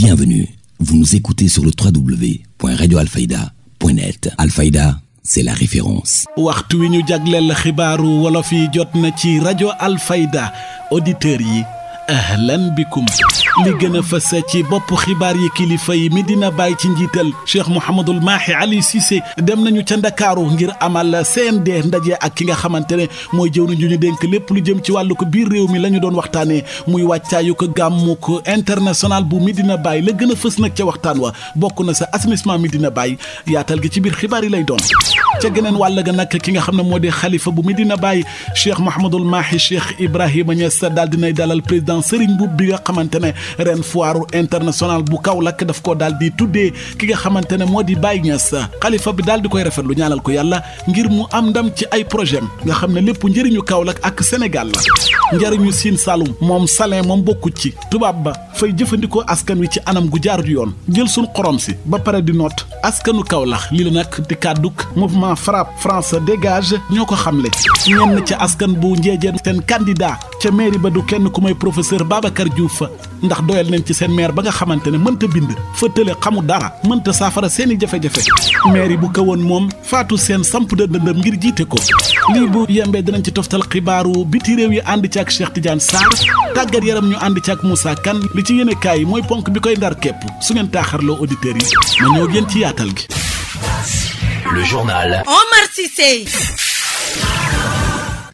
bienvenue. Vous nous écoutez sur le www.radioalfayda.net. Alfayda. c'est la référence. waxtu wi ñu jagleel xibaaru wolof yi jot na ci rajo Alfayda auditeurs yi ahlan bikum li gën a fës ci bopp xibaar yi kilifa yi Medina bàyyi ci njiital Cheikh Mouhamadul Mahi Ali Cissé dem nañu ca Ndakaaru ngir amal CND ndaje ak ki nga xamante ne mooy jëw na ñu denk lépp lu jëm ci wàllu ko biir réew mi la ñu doon waxtaanee muy wàccaayu ko gàmmu ko international bu Medina bàyyi la gën a fës nag ca waxtaan wa bokk na sa assainissement Medina Baye yaatal gi ci biir xibaar yi lay doon. ca geneen wàll ga nag ki xam moo di xalifa bu Medina Baye président Serigne Mboup bi nga xamante ne ren foire internationale bu Kaolack daf ko daal di tuddee ki nga xamante ne moo di Baye Niass xalifa bi daal di koy lu ñaanal ko yàlla ngir mu am ndam ci ay projet nga xam ne lépp njëriñu Kaolack ak Sénégal la njëriñu Sine Saloum moom Salin moom bokku ci tubaab ba fay jëfandikoo askan wi ci anam gu jaar jaarut yoon jël suñ xorom si ba pare di noot askanu Kaolack lii la nag di kàdduk mouvement FRAPP France dégage ñoo ko xamle bu njeejeen professeur Babacar Diouf ndax doyal nañ ci seen maire ba nga xamante ne mënta bind fëttale xamu dara mënta saafara seeni jafe-jafe maire yi bu ko woon moom faatu seen samp dëndëm ngir jiite ko lii bu yembee dinañ ci toftal xibaaru biti réew yi ànd ci ak Cheikh Tidiane Sarr tàggat yaram ñu ànd ci ak Moussa kan li ci yéene yi mooy ponk bi koy ndar képp su ngeen taaxarloo auditeurs yi ma ñoo gën ci yaatal gi.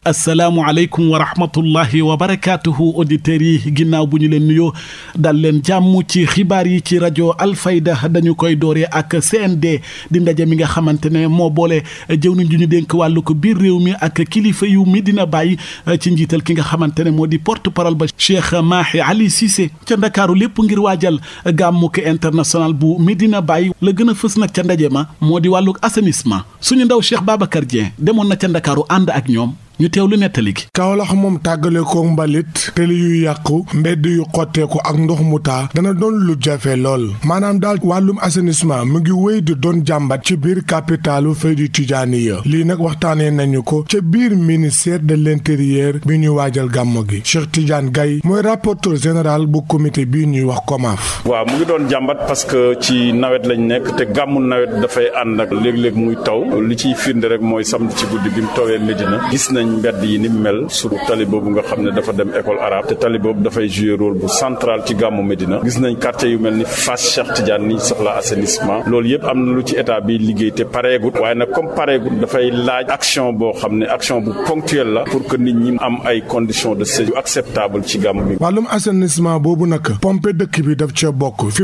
asalaamualeykum wa rahmatullahi wa barakaatuhu auditeurs yi ginnaaw bu ñu leen nuyoo dal leen jàmm ci xibaar yi ci rajo Alfayda dañu koy doore ak CND di ndaje mi nga xamante ne moo boole jëwriñ ju ñu dénk wàllu ko biir réew mi ak kilifa yu Medina Baye ci njiital ki nga xamante ne moo di porte parole ba Cheikh Mahi Ali Cissé ca Ndakaaru lépp ngir waajal gàmmu ko international bu Medina Baye la gën a fës nag ca ndaje ma moo di wàllu assainissement suñu ndaw Cheikh Babacar Dieng demoon na ca Ndakaaru ànd ak ñoom ñu teew lu nettali ki Kaolack moom tàggale ko mbalit tëli yu yàqu mbedd yu xotteeku ak ndox mu taa dana doon lu jafe lool maanaam daal wàllum assainissement mu ngi wéy di doon jàmbat ci biir capitalu Faydu Tijaaniya lii nag waxtaanee nañu ko ca biir ministère de l'intérieur bi ñuy waajal gàmmu gi Cheikh Tidiane Gaye mooy rapporteur général bu comité bii ñuy wax COMAF waaw mu ngi doon jàmbat parce que ci nawet lañ nekk te gàmmu nawet dafay ànd ak léeg muy taw li ciy firnde rek mooy samedi ci guddi bi mu tawee Medina gis nañ nañ mbedd yi ni mu mel surtout tali boobu nga xam ne dafa dem école arabe te tali boobu dafay jouer rôle bu central ci gàmmu Medina gis nañ quartier yu mel ni Fass Cheikh Tidiane ni soxla assainissement loolu yëpp am na lu ci état bi liggéey te pareegut waaye nag comme pareegut dafay laaj action boo xam ne action bu ponctuelle la pour que nit ñi am ay conditions de séjour acceptable ci gàmmu bi. wàllum assainissement boobu nag pompe dëkk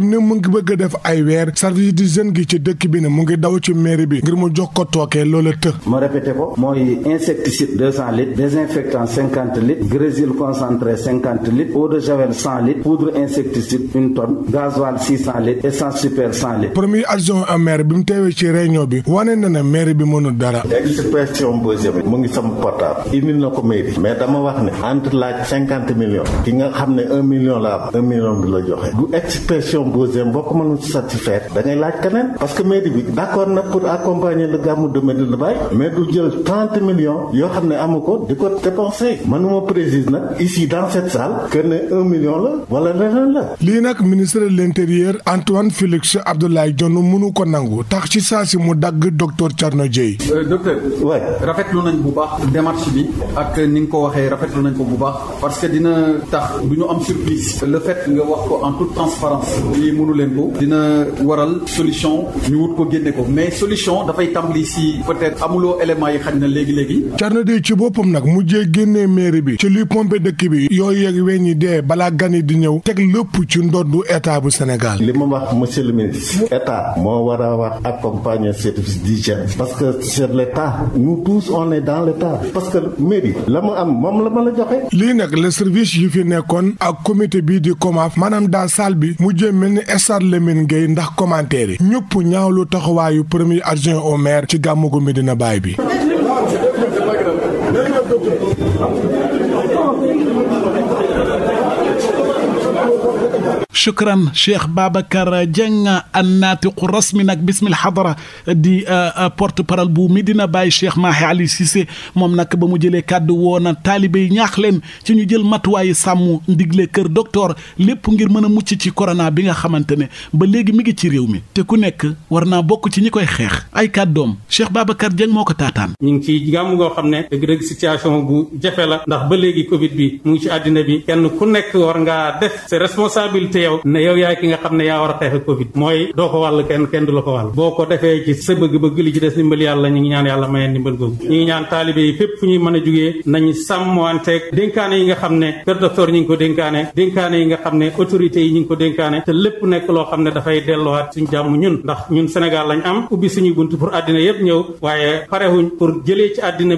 mu ngi bëgg a def ay weer service d'hygiène gi ci dëkk bi ne mu ngi daw ci mairie bi ngir 200 litres désinfectant 50 litres grésil concentré 50 litres eau de javel 100 litres poudre insecticide une tonne gasoil essence super 100 premier adjoint à bi mu teewee ci réunion bi wane na ne maire bi mënul dara. expression boobu yëpp mu ngi sama portable indi na ko mairie mais dama wax ne entre laaj 50 ki nga xam ne million la am 1 million bi la joxe du expression boobu boo ko mënul satisfaire da ngay laaj keneen parce que mairie bi d'accord na pour accompagner amu ko di ko dépensé manuma précise nag ici dans cette salle que ne un million la wala leneen la. lii nag ministre de l'intérieur Antoine Félix Abdoulaye Diome mënu ko nangu tax ci saa si mu dagg docteur Thierno Dieye. Euh, docteur. oui rafetlu nañ bu baax démarche bi ak ni nga ko waxee rafetlu nañ ko bu baax parce que dina tax du ñu am surprise. le fait nga wax ko en toute transparence lii mënu leen ko. dina waral solution ñu wut ko génne ko mais solution dafay tàmbali si peut amuloo éléments yi xaj na léegi léegi. boppam nag mujjee génne mairie bi ci luy pompe dëkk bi yooyu yeeg weñ ñi dee balaa gan yi di ñëw teg lépp ci ndoddu état bu Sénégal. li ma wax monsieur le ministre moo war a wax accompagner service d'hygiène parce que c'est l'état nous tous on est dans l'état parce que mairie la mu am moom la ma la joxe. lii nekk le service yu fi nekkoon ak comité bii di COMAF maanaam dans salle bi mujjee mel ni stade Lamine Gueye ndax commentaire yi ñëpp ñaawlu taxawaayu premier adjoint au maire ci gàmmu gu bi. shukran Cheikh Babacar Dieng annaatiqu rasmi nag bismil hadara di porte parole bu Medina Baye Cheikh Mahi Ali Cissé moom nag ba mu jëlee kàddu woona taalibe yi ñaax leen ci ñu jël matuwaayu sàmm ndigle kër docteur lépp ngir mën a mucc ci corona bi nga xamante ne ba léegi mi ngi ci réew mi te ku nekk war naa bokk ci ñi koy xeex ay kàddoom Cheikh Babacar Dieng moo ko taataan. ñu ngi ciy gàmm goo xam ne dëgg-dëgg situation bu jafe la ndax ba léegi Covid bi mu ngi ci àddina bi kenn yow ne yow yaay ki nga xam ne yaa war a xeex ak Covid mooy doo ko wàll kenn kenn du la ko wàll boo ko defee ci sa bëgg-bëgg li ci des ndimbal yàlla ñu ngi ñaan yàlla mayeen ndimbal googu ñu ngi ñaan taalibe yi fépp fu ñuy mën a jugee nañu sàmmanteeg dénkaane yi nga xam ne kër docteur ñu ngi ko dénkaane dénkaane yi nga xam ne autorité yi ñu ngi ko dénkaane te lépp nekk loo xam ne dafay delluwaat suñu jàmm ñun ndax ñun Sénégal lañ am ubbi suñuy bunt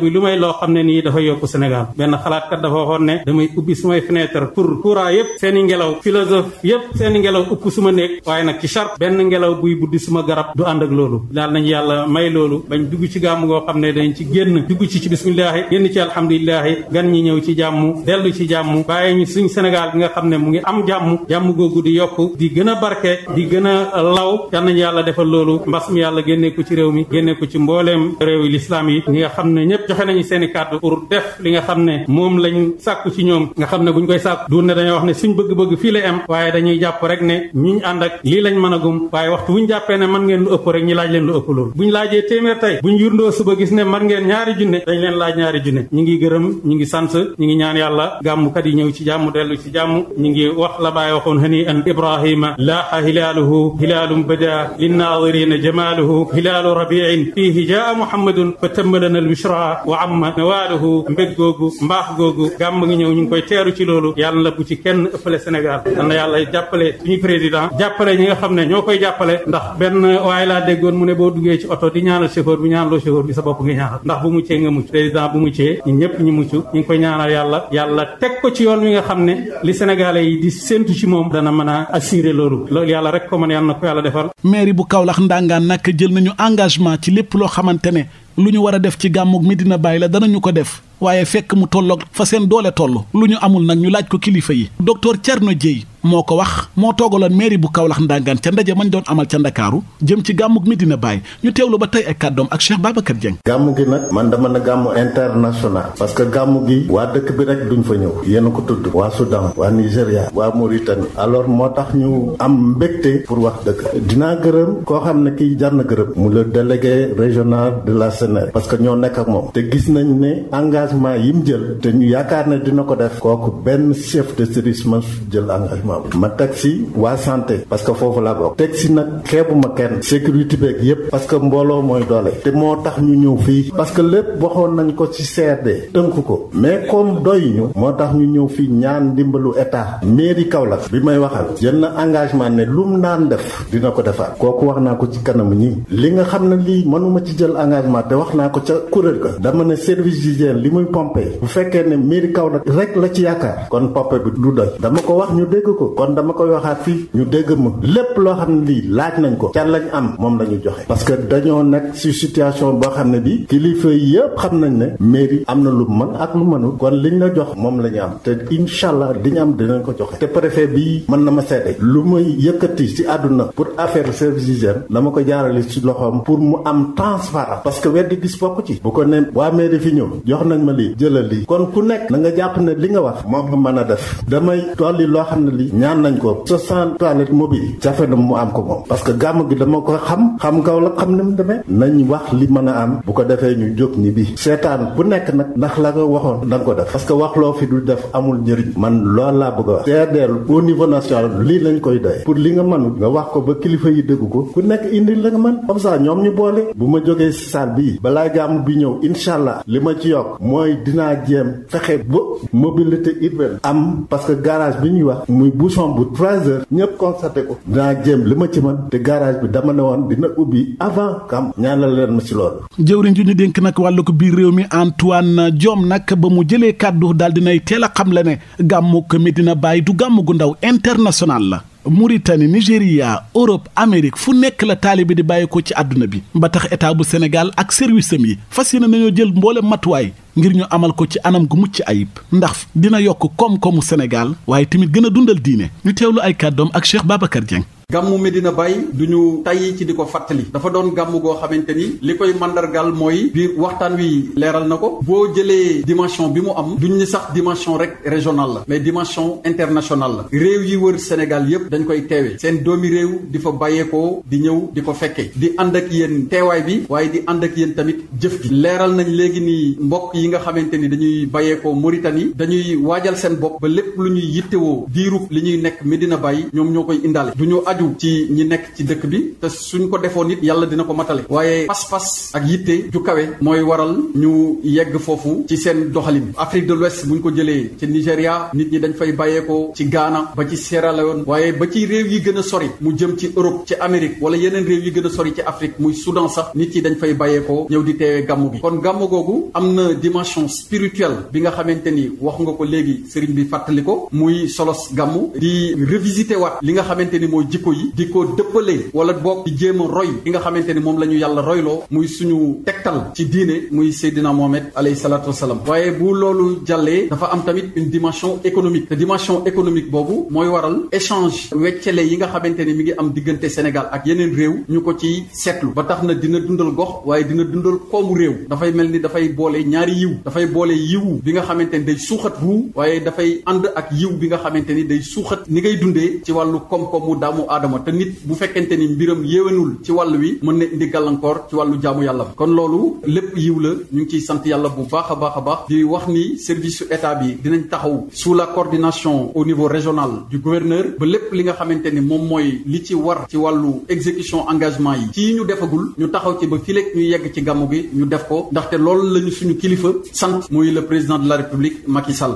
bi lu may loo xam ne nii dafay yokku Sénégal benn xalaatkat dafa waxoon ne damay ubbi sumay fenêtre pour courant yépp seen ngelaw upp suma néeg waaye nag ci charte benn ngelaw buy buddi suma garab du ànd ak loolu daal nañu yàlla may loolu bañ dugg ci gàmm goo xam ne dañ ci génn dugg ci ci bismillaahi génn ci alhamdulilahi gan ñi ñëw ci jàmm dellu ci jàmm bàyyi ñu suñ Sénégal bi nga xam ne mu ngi am jàmm jàmm googu di yokk di gën a barke di gën a law yal nañu yàlla defal loolu mbas mi yàlla génnee ci réew mi génneeku ci mbooleem réew yi lislaam yi ñi nga xam ne ñëpp joxe nañu seeni kàddu pour def xam ne moom lañ sàkku ci ñoom nga xam ne buñ koy sàkku du ne wax ne suñ bëgg-bëgg fii dañuy jàpp rek ne ñi ñu ànd ak lii lañ mën a gum waaye waxtu bu ñu jàppee ne mën ngeen lu ëpp rek ñi laaj leen lu ëpp loolu bu ñu laajee téeméer tey bu ñu yurndoo suba gis ne mën ngeen ñaari junne dañ leen laaj ñaari junne ñi ngi gërëm ñi ngi sant ñi ngi ñaan yàlla gàmmukat yi ñëw ci jàmm dellu ci jàmm ñi ngi wax la bàyyi waxoon hani an ibrahima laaxa hilaaluhu hilaalum bada linnaazirina jamaaluhu hilaalu rabiin fiihi jaa muhammadun fa tammalana albushra wa amma nawaaluhu mbég googu mbaax googu gàmm ngi ñëw ñu ngi teeru ci loolu yàlla la ci kenn ëppale sénégal jàppale suñu président jàppale ñi nga xam ne ñoo koy jàppale ndax benn waaye laa déggoon mu ne boo duggee ci oto di ñaanal chauffeur bi ñaanaloo chauffeur bi sa bopp nga ñaanal ndax bu muccee nga mucc président bu muccee ñu ñëpp ñu mucc ñu ngi koy ñaanal yàlla yàlla teg ko ci yoon wi nga xam ne li sénégalais yi di séntu ci moom dana mën a assurer loolu loolu yàlla rek ko mën yàlla na ko yàlla defal mairie bu Kaolack ndangaan nag jël nañu engagement ci lépp loo xamante ne lu ñu war a def ci gàmmug Medina Baye la danañu ko def waaye fekk mu tolloog fa seen doole toll lu laaj ko kilifa yi moo ko wax moo toogaloon mairie bu Kaolack ndangaan ca ndaje mañ doon amal ca Ndakaaru jëm ci gàmmug Medina Baye ñu teewlu ba tey ay kàddoom ak Cheikh Babacar Dieng gàmm gi nag man dama ne gàmm international parce que gàmmu gi waa dëkk bi rek duñ fa ñëw yéen a ko tudd waa Soudan waa Nigéria waa Mauritanie alors moo tax ñu am mbégte pour wax dëkk dinaa gërëm koo xam ne kii jar na gërëm mu le délégué régional de la Sénélec parce que ñoo nekk moom te gis nañ ne engagement yi mu jël te ñu yaakaar ne dina ko def kooku benn chef de service ma jël responsable ma teg waa santé parce que foofu laa bokk teg si nag xeebu ma kenn sécurité beeg yépp parce que mbooloo mooy doole te moo tax ñu ñëw fii parce que lépp waxoon nañ ko ci CRD tënk ko mais comme doy ñu moo tax ñu ñëw fii ñaan ndimbalu état mairie Kaolack bi may waxal jël na engagement ne lum naan def dina ko defaat kooku wax naa ko ci kanamu ñi li nga xam ne lii mënuma ci jël engagement te wax naa ko ca kuréel ga dama ne service d'hygiène li muy pompé bu fekkee ne mairie Kaolack rek la ci yaakaar kon pompé ko kon dama koy waxaat fii ñu dégg ma lépp loo xam ne lii laaj nañ ko can lañ am moom la ñu joxe parce que dañoo nekk ci situation boo xam ne bi kilifa yëpp xam nañ ne mairie am na lu mën ak lu mënul kon liñ la jox moom la ñu am te incha allah li ñu am dinañ ko joxe te préfet bi mën na ma seede lu may yëkkati ci àdduna pour affaire service d'hygiène dama ko jaarale ci loxoom pour mu am transparent parce que weddi gis bokk ci bu ko ne waa mairie fi ñëw jox nañ ma lii jëlal kon ku nekk na nga jàpp li nga wax moom mën a def ñaan nañ ko soixante toilettes mobiles jafe na mu am ko moom parce que gàmm gi dama ko xam xam kaw la xam ni mu demee nañ wax li mën a am bu ko defee ñu jóg ni bi seetaan bu nekk nag ndax la ko waxoon da ko def parce que wax loo fi du def amul njëriñ man loolu laa bëgg a wax CRD au niveau national lii lañ koy doye pour li nga mën nga wax ko ba kilifa yi dégg ko ku nekk indi la nga mën comme ça ñoom ñu boole bu ma jógee si salle bii balaa gàmm bi ñëw incha allah li ma ci yokk mooy dinaa jéem fexe ba mobilité urbaine am parce que garage bi ñuy wax muy bouchon bu trois heures ñëpp constaté ko dinaa jéem li ma ci man te garage bi dama ne woon dina ubbi avant kam ñaanal leen ma ci loolu jëwriñ ju ñu dénk nag wàllu ko biir réew mi na joom nag ba mu jëlee kàddu daal dinay teel a xam la ne gàmmu ko dina bàyyi du gàmmu gu ndaw international la Mauritanie Nigéria Europe Amérique fu nekk la taalibe di bàyyi ko ci àdduna bi ba tax état bu Sénégal ak service am yi fas na nañoo jël mboole matuwaay ngir ñu amal ko ci anam gu mucc ayib ndax dina yokk koom-koomu Sénégal waaye tamit gën a dundal diine ñu teewlu ay kàddoom ak Cheikh Babacar Dieng. gàmmu Medina Baye du ñu tayyi ci di ko fàttali dafa doon gàmmu goo xamante ni li koy mandargaal mooy biir waxtaan wi leeral na ko boo jëlee dimension bi mu am duñ ni sax dimension rek régionale la mais dimension international la réew yi wër Sénégal yépp dañ koy teewee seen doomi réew di fa bàyyeekoo di ñëw di ko fekkee di ànd ak yéen teewaay bi waaye di ànd ak yéen tamit jëf gi leeral nañ léegi nii mbokk yi nga xamante ni dañuy bàyyeekoo Mauritanie dañuy waajal seen bopp ba lépp lu ñuy yittewoo diirub li ñuy nekk Medina Baye ñoom ñoo koy aju ci ñi nekk ci dëkk bi te suñ ko defoon it yàlla dina ko matale waaye pas-pas ak yitte ju kawe mooy waral ñu yegg foofu ci seen doxalin Afrique de l'Ouest buñ ko jëlee ci Nigéria nit ñi dañ fay bàyyeekoo ci Ghana ba ci Sierra Leone waaye ba ci réew yi gën a sori mu jëm ci Europe ci Amérique wala yeneen réew yi gën a sori ci Afrique muy Soudan sax nit ñi dañ fay bàyyeekoo ñëw di teewee gàmmu gi kon gàmmu googu am na dimension spirituelle bi nga xamante ni wax nga ko léegi sëriñ bi jikko yi di ko dëppale wala boog di jéem a roy ki nga xamante ni moom la ñu yàlla royloo muy suñu tegtal ci diine muy Seydina Mohamed alayhi salaatu waaye bu loolu jàllee dafa am tamit une dimension économique te dimension économique boobu mooy waral échange weccele yi nga xamante ni mi ngi am diggante Sénégal ak yeneen réew ñu ko ci seetlu ba tax na dina dundal gox waaye dina dundal koomu réew dafay mel ni dafay boole ñaari yiw dafay boole yiw bi nga xamante ni day suuxat ruu waaye dafay aadama te nit bu fekkente ni mbiram yéwénul ci wàll wi mën na indi gàllankoor ci wàllu jaamu yàlla kon loolu lépp yiw la ñu ngi ciy sant yàlla bu baax a baax a baax di wax ni service su yi bi dinañ taxaw su la coordination au niveau régional du gouverneur ba lépp li nga xamante ni moom mooy li ci war ci wàllu exécution engagement yi ci ñu defagul ñu taxaw ci ba fileeg ñu yegg ci gàmmu gi ñu def ko ndaxte loolu lañu suñu kilifa sant muy le président de la république Macky Sall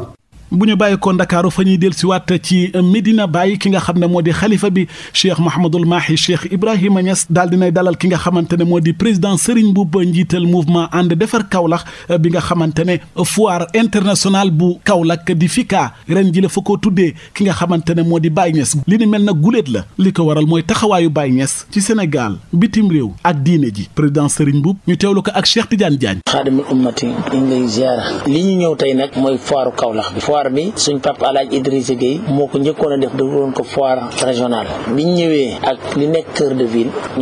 bu ñu bàyyi ko ndakaaru fa ñuy del siwaat ci Medina bàyyi ki nga xam ne moo di xalifa bi Cheikh Mahamadul Mahi Cheikh Ibrahima Niass daal dinay dalal ki nga xamante ne moo di président Serigne Mboup njiital mouvement ànd defar Kaolack bi nga xamante ne foire internationale bu Kaolack di FICA ren ji la fu ko tuddee ki nga xamante ne moo di bàyyi Niass li ni mel na guléet la li ko waral mooy taxawaayu Baye Niass ci Sénégal bitim réew ak diine ji président Serigne Mboup ñu teewlu ko ak Cheikh Tidiane Diagne xaadimul ummati ñu ngi lay ziara li ñëw tey nag mooy foire bi suñ pap alaaj Idrissa Gueye moo ko njëkkoon a def da doon ko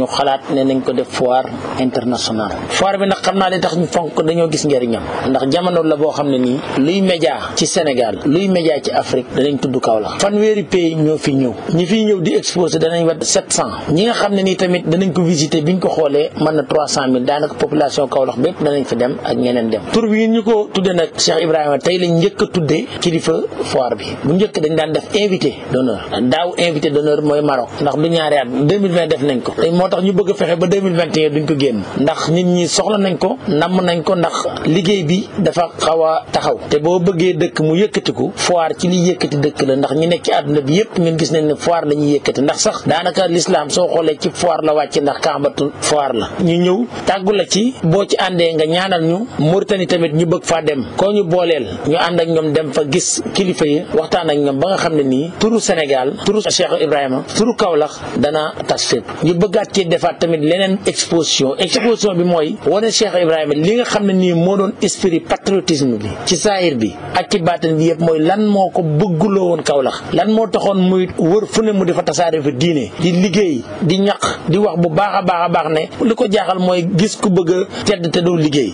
xalaat ne nañ ko def foire internationale foire bi nag xam naa li tax ñu fonk dañoo gis ñam ndax jamono la boo xam ne nii luy média ci Sénégal luy média ci Afrique danañ tudd Kaolack fanweeri pays ñoo fi ñëw ñi fi ñëw di exposé danañ wat cent ñi nga xam ne nii tamit danañ ko visité ñu ko xoolee mën na trois cent mille daanaka population Kaolack bépp danañ fi dem ak ñeneen dem tur bi ñu ko tuddee nag Cheikh Ibrahima tey lañ njëkk a tuddee kilifa foire bi bu njëkk dañ daan def invité d'honneur daaw invité d'honneur mooy Maroc ndax du ñaari at 2020 def nañ ko moo tax ñu bëgg a fexe ba duñ ko génn ndax nit ñi soxla nañ ko namm nañ ko ndax liggéey bi dafa xaw taxaw te boo bëggee dëkk mu yëkkati ko foire ci li yëkkati dëkk la ndax ñi nekk ci àdduna bi yëpp ngeen gis nañ ne foire la ñuy yëkkati ndax sax daanaka l'islam soo xoolee ci foire la wàcc ndax kaambatul foire la ñu ñëw tàggu la ci boo ci àndee nga ñaanal ñu Mauritanie tamit ñu bëgg gis kilifa yi waxtaan ak ñoom ba nga xam ne nii turu Sénégal turu Cheikh Ibrahima turu Kaolack dana tas ñu bëggaat ci defaat tamit leneen exposition exposition bi mooy wane Cheikh Ibrahima li nga xam ne nii moo doon esprit patriotisme bi ci saahir bi ak ci baatin bi yëpp mooy lan moo ko bëgguloo woon Kaolack lan moo taxoon muy wër fu ne mu defa tasaare fa diine di liggéey di ñaq di wax bu baax a baax a baax ne li ko jaaxal mooy gis ku bëgg tedd te doo liggéey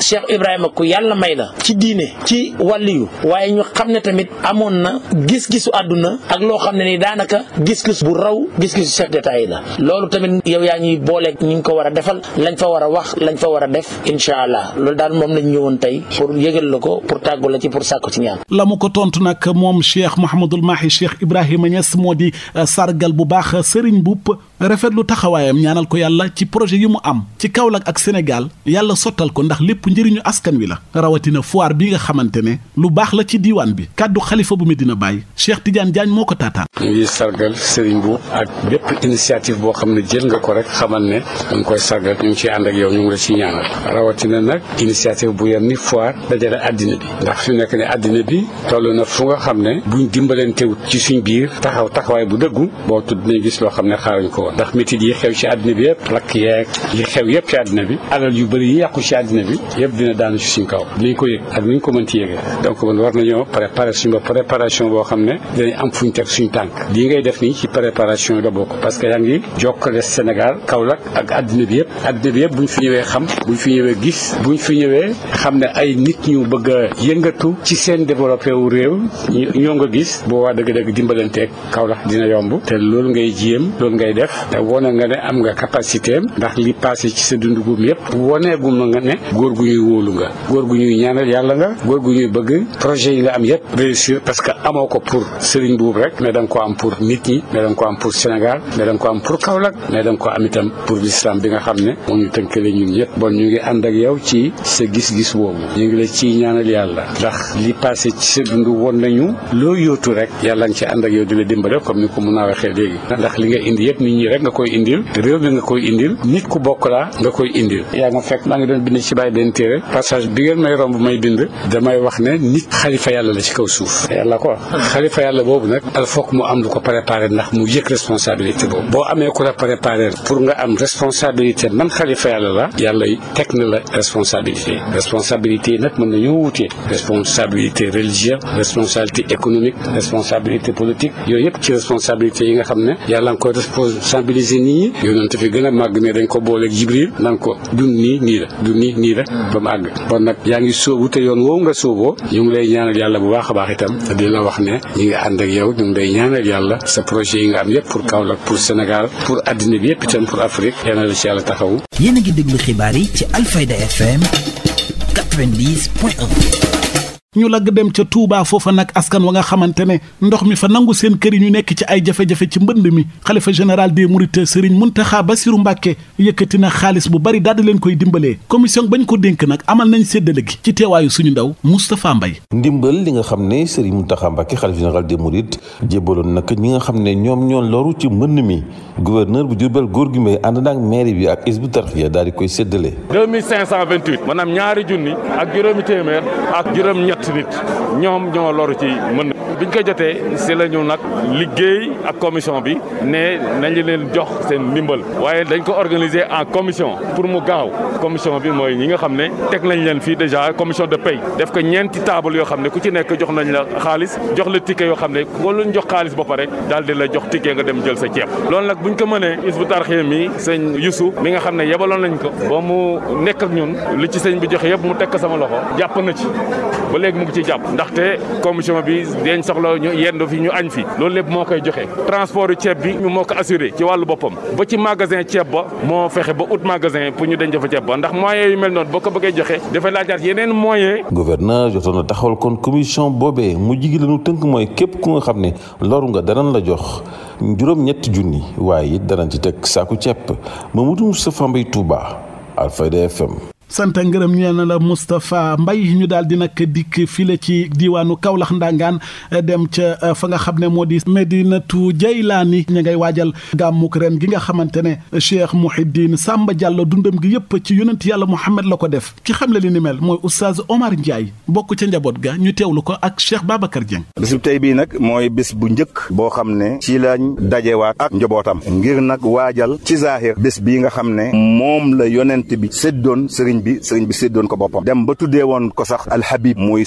Cheikh Ibrahima ku yàlla may la ci diine ci wàlliyu waaye ñu xam ne tamit amoon na gis-gisu àdduna ak loo xam ne nii daanaka gis-gis bu raw gis-gisu chef d'état yi la loolu tamit yow yaa ñuy booleeg ñu ngi ko war a defal lañ fa war a wax lañ fa war a def incha allah loolu daal moom lañ ñëwoon tey pour yëgal la ko pour tàggu la ci pour sàkku ci ñaan la mu ko tontu nag moom Cheikh Mouhamadul Mahi Cheikh Ibrahima Niass moo di euh, sargal bu baax Serigne Mboup rafetlu taxawaayam ñaanal ko yàlla ci projet yi mu am ci Kaolack ak Sénégal njëriñu askan wi la rawatina foire bi nga xamante ne lu baax la ci diiwaan bi kàddu xalifa bu Medina Baye Cheikh Tidiane Diagne moo ko taataan ñu ngi sargal Serigne Mboup ak bépp initiative boo xam ne jël nga ko rek xamal ne da nga koy sargal ñu ngi ciy ànd ak yow ñu ngi la ciy ñaanal rawatina nag initiative bu yenn ni foire dajale àddina bi ndax fi nekk ne àddina bi toll na fu nga xam ne buñ dimbalantewut ci suñ biir taxaw taxawaay bu dëggu boo tudd nañ gis loo xam ne xaaruñ ko ndax métit yi xew ci àddina bi yëpp lakk yeeg yi xew yëpp ci àddina bi alal yu bëri yi yàqu ci àddina bi yëpp dina daanu ci suñ kaw ni ñu ko yëg ak ni ñu ko mën ci yëgee donc man war nañoo préparation boo xam ne dinañ am fuñ teg suñ tànk lii ngay def nii ci préparation yi la bokk parce que yaa ngi jokkale Sénégal Kaolack ak addina bi yëpp addina bi yëpp buñ fi ñëwee xam buñ fi ñëwee gis buñ fi ñëwee xam ne ay nit ñu bëgg a yëngatu ci seen développé wu réew ñoo nga gis boo waa dëgg-dëgg dimbalanteeg Kaolack dina yomb te loolu ngay jéem loolu ngay def te wone nga ne am nga capacité ndax li passé ci sa dundugum yëpp wone nga ne góor gu ñuy wóolu nga góor gu ñuy ñaanal yàlla nga góor gu ñuy bëgg projet yi nga am yépp réussir parce que amoo ko pour Serigne Buub rek mais da ko am pour nit ñi mais da nga ko am pour Sénégal mais da nga ko am pour Kaolack mais da ko am itam pour l'islam bi nga xam ne moo ñu tënkale ñun ñëpp bon ñu ngi ànd ak yow ci sa gis-gis boobu ñu ngi la ciy ñaanal yàlla ndax li passé ci sa dund woon nañu loo yóotu rek yàlla nga ci ànd ak yow di la dimbale comme ni ko mun naa waxee léegi ndax li nga indi yëpp nit ñi rek nga koy indil réew mi indil nit ku bokk seen téere passage bi ngeen may romb may bind damay wax ne nit xalifa yàlla la ci kaw suuf yàlla ko xalifa yàlla boobu nag al fokk mu am lu ko préparé ndax mu yëg responsabilité boobu boo amee ku la préparé pour nga am responsabilité man xalifa yàlla la yàlla teg na la responsabilité responsabilité yi nag mën nañoo wutee responsabilité religieuse responsabilité économique responsabilité politique yooyu yëpp ci responsabilité yi nga xam ne yàlla nga koy responsabiliser nit ñi yonent fi gën a màgg ne dañ ko booleeg Jibril ba mu àgg kon nag yaa ngi sóobu te yoon woow nga sóoboo ñu ngi lay ñaanal yàlla bu baax a baax itam di la wax ne ñi ngi ànd ak yow ñu ngi lay ñaanal yàlla sa projet yi nga am yëpp pour Kaolack pour Sénégal pour addina bi yëpp itam pour Afrique yàlla la ci yàlla taxawu. yéen ngi déglu xibaar yi ci Alfayda FM ñu lagg dem ca Touba foofa nag askan wa nga xamante ne ndox mi fa nangu seen kër yi ñu nekk ci ay jafe-jafe ci mbënd mi xalifa général des mourides Serigne Mountakha Bassirou Mbacké yëkkati na xaalis bu bari daal leen koy dimbalee commission bañ ko dénk nag amal nañ séddale gi ci teewaayu suñu ndaw Moustapha Mbaye ndimbal li nga xam ne Serigne Mountakha Mbacké xalifa général des mourides jébaloon nag ñi nga xam ne ñoom ñoo loru ci mbënd mi gouverneur bu Diourbel góor gi may ànd naag maire bi ak Hizbut daal di koy séddale 2528 maanaam ñaari junni ak ñetti nit ñoom ñoo loru ci mën biñ ko jotee si la ñu nag liggéey ak commission bi ne nañu leen jox seen ndimbal waaye dañ ko organiser en commission pour mu gaaw commission bi mooy ñi nga xam ne teg nañ leen fii déjà commission de paie def ko ñeenti taabal yoo xam ne ku ci nekk jox nañ la xaalis jox la ticket yoo xam ne ko luñ jox xaalis ba pare daal di la jox ticket nga dem jël sa ceeb loolu nag bu ñu ko mënee Hizbut Tarqiyyah mi sëñ Youssou mi nga xam ne yebaloon nañ ko ba mu nekk ñun li ci sëñ bi joxe yëpp mu teg sama loxo jàpp na ci léegi mu ngi ciy jàpp ndaxte commission bi dañ soxla ñu yendu fi ñu añ fi loolu lépp moo koy joxe transport ceeb bi moo ko assuré ci wàllu boppam ba ci magasin ceeb ba moo fexe ba ut magasin pour ñu denc fa ceeb ba ndax moyens mel noonu boo ko bëggee joxe dafay laajaat yeneen moyens. gouverneur jotoon na taxawal kon commission boobee mu jigi lañu tënk mooy képp ku nga xam ne loru nga danañ la jox juróom-ñetti junni waaye it danañ ci teg saaku ceeb moom Mamadou Moustapha Mbaye Touba Alfayda FM. sant ngërëm ñu ne la Moustapha Mbaye ñu daal di nag dikk fii la ci diiwaanu Kaolack ndangaan eh, dem ca eh, fa nga xam ne moo di Medinatu Jaylaani ñu ngay waajal gàmmuk ren gi nga xamante ne Cheikh Mouhidine sàmba Diallo dundam gi yëpp ci yonent yàlla Mouhamed la ko def ci xamle li ni mel mooy oustaz Omar Ndiaye bokk ca njaboot ga ñu teewlu ko ak Cheikh Babacar Dieng. bisu tey bii nag mooy bis bu njëkk boo xam ne ci lañ dajewaat ak njabootam ngir nag waajal ci zaahir bis nga xam ne moom la yonent bi séddoon sëriñ bi sëriñ bi séddoon ko boppam dem ba ko sax alxabib muy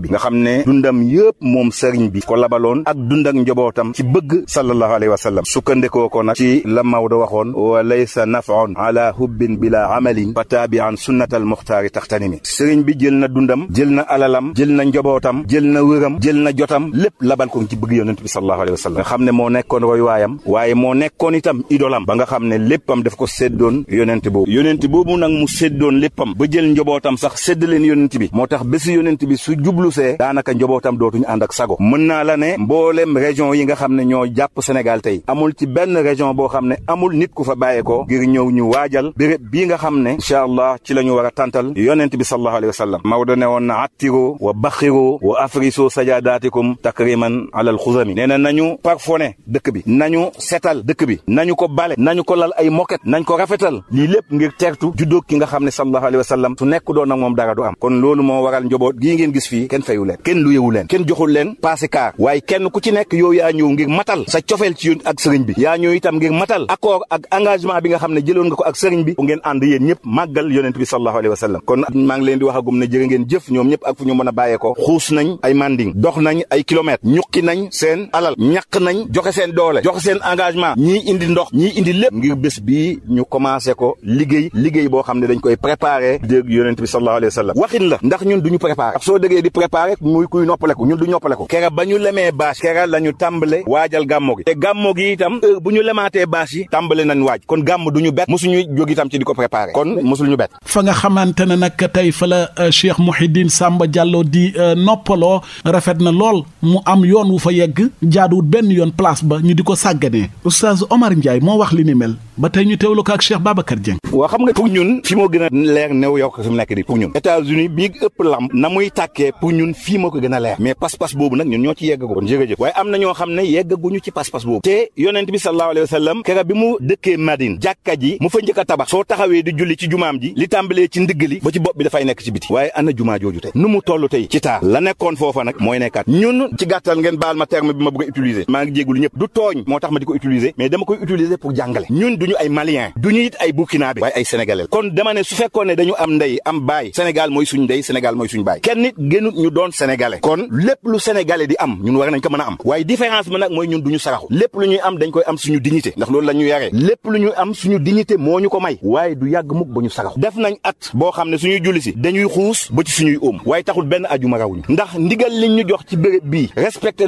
bi nga xam ne dundam yëpp moom sëriñ bi ko oon ak dund ak njobootam ci bëgg sallallahu alayhi wa sallam sukkandikoo ko nag ci la Maodo waxoon wa laysa nafaon ala hubbin bila amalin fa taabian sunnat al muxtaari taxtanimi sëriñ bi jël na dundam jël na alalam jël na njobootam jël na wëram jël na jotam lépp labal ko ci bëgg yonent bi sallallahu alayhi wa sallam nga xam ne moo nekkoon roy waayam waaye moo nekkoon itam idolam ba nga xam ne léppam daf ko séddoon yonent boobu yonent boobu nag mu séddoon lépp léppam ba jël njobootam sax sédd yonent bi moo tax bési yonent bi su jublu see daanaka njobootam dootuñu ànd ak sago mën naa la ne mboolem région yi nga xam ne ñoo jàpp Sénégal tey amul ci benn région boo xam ne amul nit ku fa bàyyeekoo ngir ñëw ñu waajal béréb bii nga xam ne incha allah ci la ñu war a tàntal yonent bi sallallahu alayhi wa sallam Maodo ne woon na attiroo wa baxiroo wa afriso sajadaatikum takriman alal xuzami nee na nañu parfone dëkk bi nañu setal dëkk bi nañu ko bale nañu ko lal ay moket ko rafetal lii lépp ngir teertu juddoo ki nga wa sallam su nekk doon nag moom dara du am kon loolu moo waral njoboot gii ngeen gis fii kenn fayu kenn luyewu kenn joxul leen passé kenn ku ci nekk yow yaa ñëw ngir matal sa cofeel ci yéen yaa ñëw ngir matal accord ak engagement bi nga xam ne jëloon nga ko ak sëriñ bi bu ngeen ànd yéen ñëpp màggal yonent bi sallallahu alayhi wa kon maa leen di wax ne jërë ngeen jëf ñoom ñëpp ak fu ñu mën a ko xuus nañ ay manding dox nañ ay kilomètres ñu préparé dégg yonent bi sallallahu alayhi wa sallam waxin la ndax ñun duñu préparé soo déggee di préparé muy kuy noppaleku ñun du noppaleku kera ba ñu lemee bâche kera la ñu tàmbale waajal gàmmo gi te gàmmo gi itam heure bu ñu lemaatee bâche yi tàmbale nañ waaj kon gàmm duñu bett mosuñu jóg itam ci di ko préparé kon mosul ñu bett fa nga xamante ne nag tey fa la euh, Cheikh Mouhidine Samba Diallo di euh, noppaloo rafet na lool mu am yoon wu fa yegg jaaduwut benn yoon place ba ñu di ko sàgganee oustaz Omar Ndiaye moo wax li a leer new bi ëpp lamb na muy tàkkee pour ñun fii moo ko gën a leer mais pas-pas boobu nag ñun ñoo ci yeggagoo waaye am na ñoo xam ne yeggaguñu ci pas-pas boobu te yonent bi sallallahu alayhi wa sallam kera bi mu dëkkee Madine jàkka ji mu fa njëkk a tabax soo taxawee di julli ci jumaam ji li tàmbalee ci ndigg li ci bopp bi dafay nekk ci biti waaye ana jumaa jooju tey nu mu toll tey ci taar la nekkoon foofa nag mooy nekkaat ñun ci gàttal ngeen baal ma terme bi ma a utiliser maa ngi jégalu ñëpp du tooñ moo tax ma di ko utiliser mais dama koy ne dañu am ndey am baay Sénégal mooy suñu ndey Sénégal mooy suñu baay kenn nit gënut ñu doon sénégalais kon lépp lu sénégalais di am ñun war nañ ko mën a am waaye différence bi nag mooy ñun ñu saraxu lépp lu ñuy am dañ koy am suñu dignité ndax loolu la ñu yaree lépp lu ñu am suñu dignité moo ñu ko may waaye du yàgg mukk ba ñu saraxu def nañ at boo xam ne suñu julli dañuy xuus ba ci suñuy óom waaye taxul benn ajuma rawuñu ndax ndigal liñ ñu jox ci béréb bii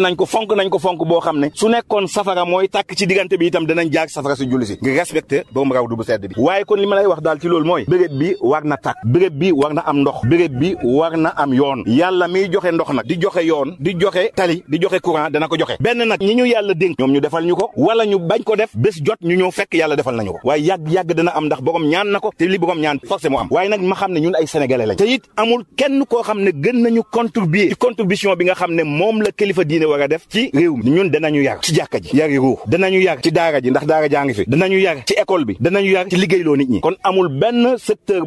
nañ ko fonk nañ ko fonk boo xam ne su nekkoon safara mooy tàkk ci diggante bi itam danañ jaar safara si julli si ngir respecté boomu raw du bu waaye kon li ma lay wax daal ci mooy béréb war na tàkk béréb bi war na am ndox béréb bi war na am yoon yàlla miy joxe ndox nag di joxe yoon di joxe tali di joxe courant dana ko joxe benn nag ñi ñu yàlla dénk ñoom ñu defal ñu ko wala ñu bañ ko def bés jot ñu ñëw fekk yàlla defal nañu ko waaye yàgg-yàgg dana am ndax borom ñaan na ko te li borom ñaan forcé mu am waaye nag ma xam ne ñun ay sénégalais lañ te it amul kenn koo xam ne gën na ñu contribuer ci contribution bi nga xam ne moom la kilifa diine war a def ci réew mi ñun danañu yar ci ji yari ruux danañu yar ci daara ji ndax daara jaa ngi fi danañu yar ci école bi danañu yar ci liggéeyloo nit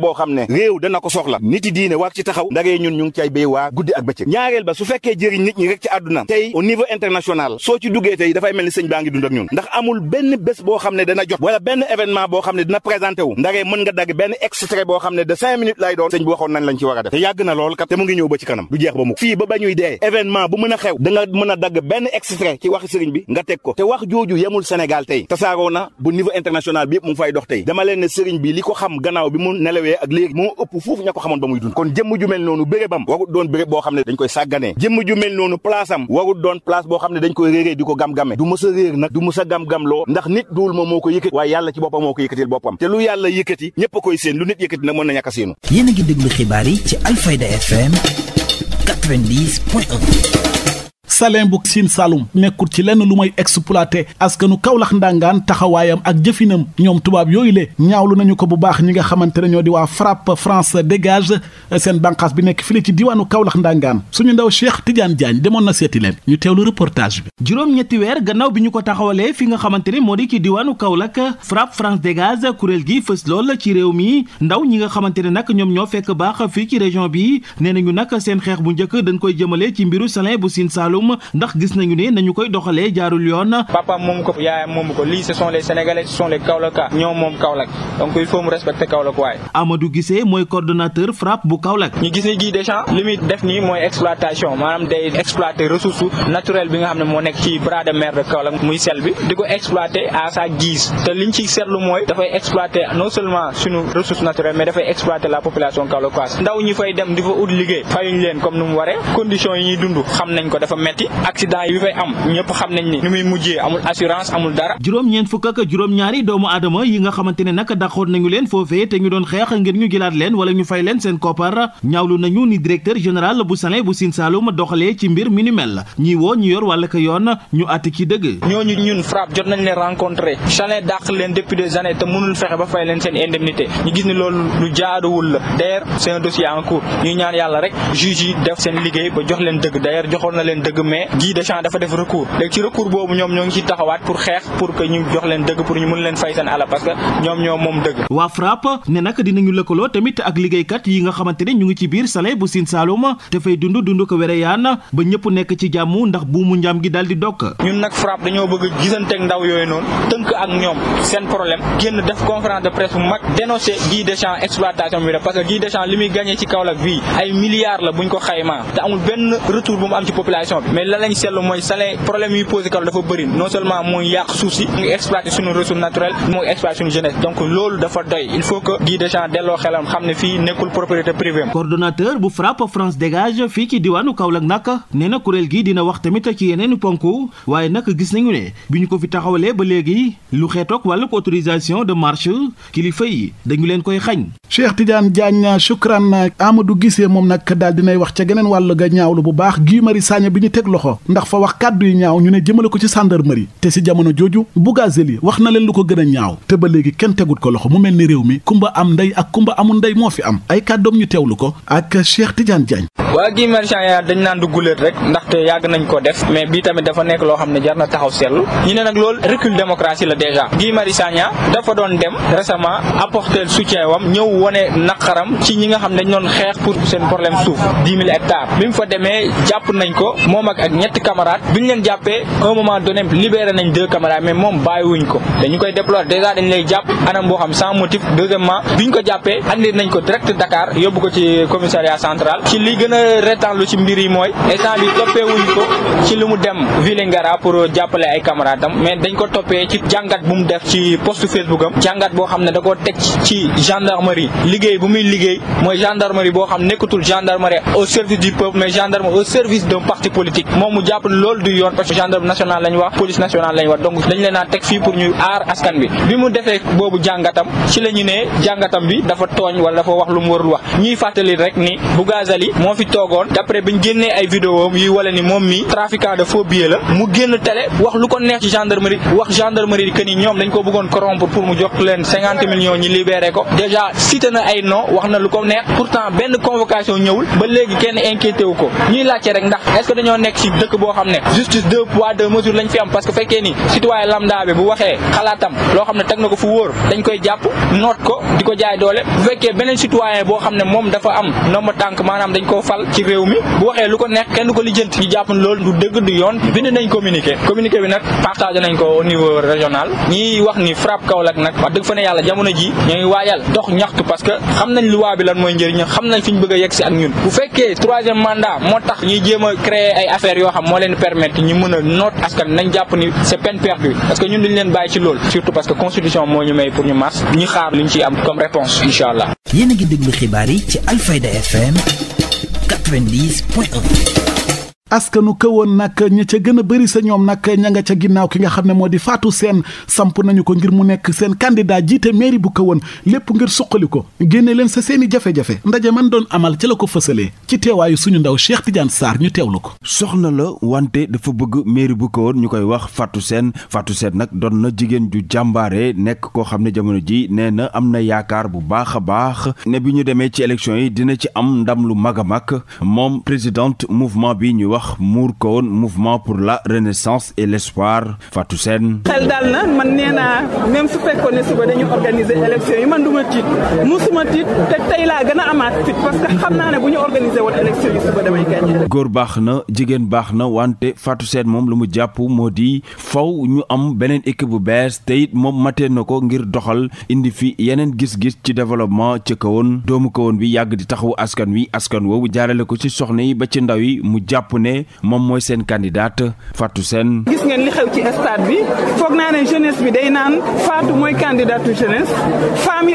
boo xam ne réew dana ko soxla nit diine war ci taxaw ndaree ñun ñu cay béy waa guddi ak bëccëg ñaareel ba su fekkee jëriñ nit ñi rek ci àdduna tey au niveau international soo ci duggee tey dafay mel ni sëñ baa ngi dund ak ñun ndax amul benn bés boo xam ne dana jot wala benn événement boo xam ne dina présenté wu lay doon sëñ bi waxoon nañ lañ ci war a te yàgg na lool kat te mu ngi ñëw ba ci kanam du jeex ba mu fii ba ba dee événement bu mën a xew ak léegi moo ëpp foofu ña ko xamoon ba muy dund kon jëmm ju mel noonu bérébam warut doon béréb boo xam ne dañ koy sàgganee jëmm ju noonu place am warut doon place boo xam ne dañ koy réeree di ko gam-game du mës a réer nag du mës a gam-gam loo ndax nit duul moo ko yëkkati waaye yàlla ci boppam moo ko yëkkatil boppam te lu yàlla yëkkati ñëpp koy séen lu nit yëkkati nag mën na ñàkk a séenu ngi déglu xibaar yi ci Alfayda FM salin bu siin Saloum nekkul ci lenn lu may exploité askanu Kaolack ndangaan taxawaayam ak jëfinam ñoom tubaab yooyu le ñaawlu nañu ko bu baax ñi nga xamante ne ñoo di waa FRAPP France dégage seen bànqaas bi nekk fii ci diwaanu Kaolack ndangaan suñu ndaw Cheikh Tidiane Diagne demoon na seeti leen ñu teewlu reportage bi. juróom-ñetti weer gannaaw bi ñu ko taxawalee fi nga xamante ne moo di ci diwaanu Kaolack FRAPP France dégage kuréel gi fës lool ci réew mi ndaw ñi nga xamante ne nag ñoom ñoo fekk baax fii ci région bi nee nañu nag seen xeex bu njëkk dañ koy jëmale ci mbiru salin bu siin Saloum réewum ndax gis nañu ne nañu koy doxalee jaarul yoon. papaam moom ko yaayam moom ko lii ce sont les sénégalais ce sont les Kaolackois ñoom moom Kaolack donc il faut mu respecter Kaolack waay. Amadou Guissé mooy coordonnateur FRAPP bu Kaolack. ñu gis ne Guy Deschamps li muy def nii mooy exploitation maanaam day exploiter ressource naturelle bi nga xam ne moo nekk ci bras de mer de Kaolack muy sel bi di ko exploiter à sa guise te liñ ci seetlu mooy dafay exploiter non seulement suñu ressource naturelle mais dafay exploiter la population kaolackoise ndaw ñi fay dem di fa ut metti accident yi fay am ñëpp xam nañ ni ñu muy mujjee amul assurance amul dara. juróom-ñeent fukk ak juróom-ñaari doomu aadama yi nga xamante ne nag dàqoon nañu leen foofee te ñu doon xeex ngir ñu jëlaat leen wala ñu fay leen seen koppar ñaawlu nañu ni directeur général bu Sane bu Sine doxalee ci mbir mi ni ñii woo ñu yor wala ko yoon ñu àtt ki dëgg. ñooñu ñun FRAPP jot nañ leen rencontré Sane dàq leen depuis des années te mënul fexe dëgg mais Guy Deschamps dafa def recours léegi ci recours boobu ñoom ñoo ngi ci taxawaat pour xeex pour que ñu jox leen dëgg pour ñu mën fay seen alal parce que ñoom moom dëgg waa FRAPP ne nag dinañu lëkkaloo tamit ak liggéeykat yi nga xamante ne ñu ngi ci biir Salé bu Sine Saloum dafay dund dund ko wéré ba ñëpp nekk ci jàmm ndax buumu njaam gi daal dokk ñun nag FRAPP dañoo bëgg gisanteeg ndaw yooyu noonu tënk ak ñoom seen problème génn def mais la lañ mooy sale problème yu posé kaw dafa bëri non seulement mooy yàq suuf si muy exploité suñu ressource naturelle muy exploité suñu jeunesse donc loolu dafa doy il faut que Guy Deschamps delloo xelam xam ne fii nekkul propriété privée coordonnateur bu FRAPP France dégage fii ci diwaanu Kaolack nag nee na kuréel gi dina wax tamit ci yeneen ponk waaye nag gis nañu ne bi ñu ko fi taxawalee ba léegi lu xeetook wàllu autorisation de marche kilifa yi dañu leen koy xañ Cheikh Tidiane Diagne Choukran Amadou Guissé moom nag daal dinay wax geneen wàll ga ñaawlu bu baax ñu teg loxo ndax fa wax kàddu yu ñaaw ñu ne jëmale ko ci gendarmerie te si jamono jooju Bougazelli wax na leen lu ko gën a ñaaw te ba léegi kenn tegut ko loxo mu mel ni réew mi kumba am ndey ak kumba amul ndey moo fi am ay kàddoom ñu teewlu ko ak Cheikh Tidiane Diagne waa gi marchand dañ naan du guléet rek ndaxte yàgg nañ ko def mais bii tamit dafa nekk loo xam ne jar na taxaw seetlu ñu ne nag loolu recul démocratie la déjà Guy Marius Sagna dafa doon dem récemment apporter soutien wam ñëw wone naqaram ci ñi nga xam ne moom ak ak ñetti camarades bi ñu leen jàppee un moment donné libéré nañ deux camarades mais moom bàyyiwuñ ko dañu koy déplorer déjà dañ lay jàpp anam boo xam sans motif deuxièmement ko jàppee andi nañ ko direct Dakar yóbbu ko ci commissariat central ci li gën a ci mbir yi mooy instant bi toppee wuñ ko ci li mu dem Vélingara pour jàppale ay camarades mais dañ ko toppee ci jàngat bu def ci post Facebook am jàngat boo xam ne da koo teg ci gendarmerie liggéey bu muy liggéey mooy gendarmerie boo xam nekkatul gendarmerie au politique moom mu jàpp loolu du yoon parce que gendarme national wax police nationale lañ wax donc dañ leen a teg fii pour ñuy aar askan bi bi mu defee boobu jàngatam ci la ne jàngatam bi dafa tooñ wala dafa wax lu mu warul wax ñuy fàttali rek ni Bougazali moo fi toogoon d'après biñ génnee ay vidéo yuy wala ni moom mi trafiquant de faux la mu génn télé wax lu ko neex ci gendarmerie wax gendarmerie que ñoom dañ ko bëggoon corrompre pour mu jox leen cinquante millions ñi libéré ko déjà cité na ay non wax na lu ko neex pourtant benn convocation ñëwul wu ko nekk ci dëkk boo xam ne justice deux poids deux mesures lañ fi am parce que fekkee ni citoyen bu waxee xalaatam loo xam ne teg na ko fu wóor dañ koy jàpp noot ko di ko jaay doole bu fekkee beneen citoyen boo xam ne moom dafa am nomba tànk maanaam dañ koo fal ci réew mi bu waxee lu ko neex kenn ko lijjanti ñu jàpp loolu du dëgg du yoon bind nañ communiqué communiqué bi nag partagé nañ ko niveau régional ñi wax ni frappe Kaolack nag wax a moo tax ñuy a affaires yoo xam moo leen permettre ñu mën a noot askan nañ jàpp ni c'est peine perdue parce que ñun duñ leen bàyyi ci loolu surtout parce que constitution moo ñu may pour ñu mars ñu xaar luñ ciy am comme réponse incha allah. yéen a ngi déglu xibaar yi ci Alfayda FM askanu kawoon nag ña ca gën a bëri sa ñoom nag ña nga ca ginnaaw ki nga xam ne moo di faatu seen samp nañu ko ngir mu nekk seen candidat jiite mairie bu kawoon lépp ngir suqali ko génne leen sa seeni jafe-jafe ndaje man doon amal ci la ko fësalee ci teewaayu suñu ndaw Cheikh Tidiane saar ñu teewlu ko soxna la wante dafa bëgg mairie bu kawoon ñu koy wax Fatou seen faatu seen nag doon na jigéen ju jàmbaare nekk koo xam ne jamono ji nee na am na yaakaar bu baax a baax ne bi ñu demee ci élection yi dina ci am ndam lu mag a mag moom présidente mouvement bi ñuy wax wax muur ko woon pour la renaissance et l' espoir Fatou Sène. góor baax na jigéen baax na wante Fatou seen moom lu mu jàpp moo di faw ñu am beneen équipe bu bees te it moom matee na ko ngir doxal indi fi yeneen gis-gis ci développement ci kawoon doomu kawoon bi yàgg di taxawu askan wi askan woowu jaarale ko ci soxna yi ba ci ndaw yi mu jàpp ne ne moom mooy seen candidate Fatou Sène. gis ngeen li xew ci stade bi foog naa ne jeunesse bi day naan Fatou mooy candidatu jeunesse femmes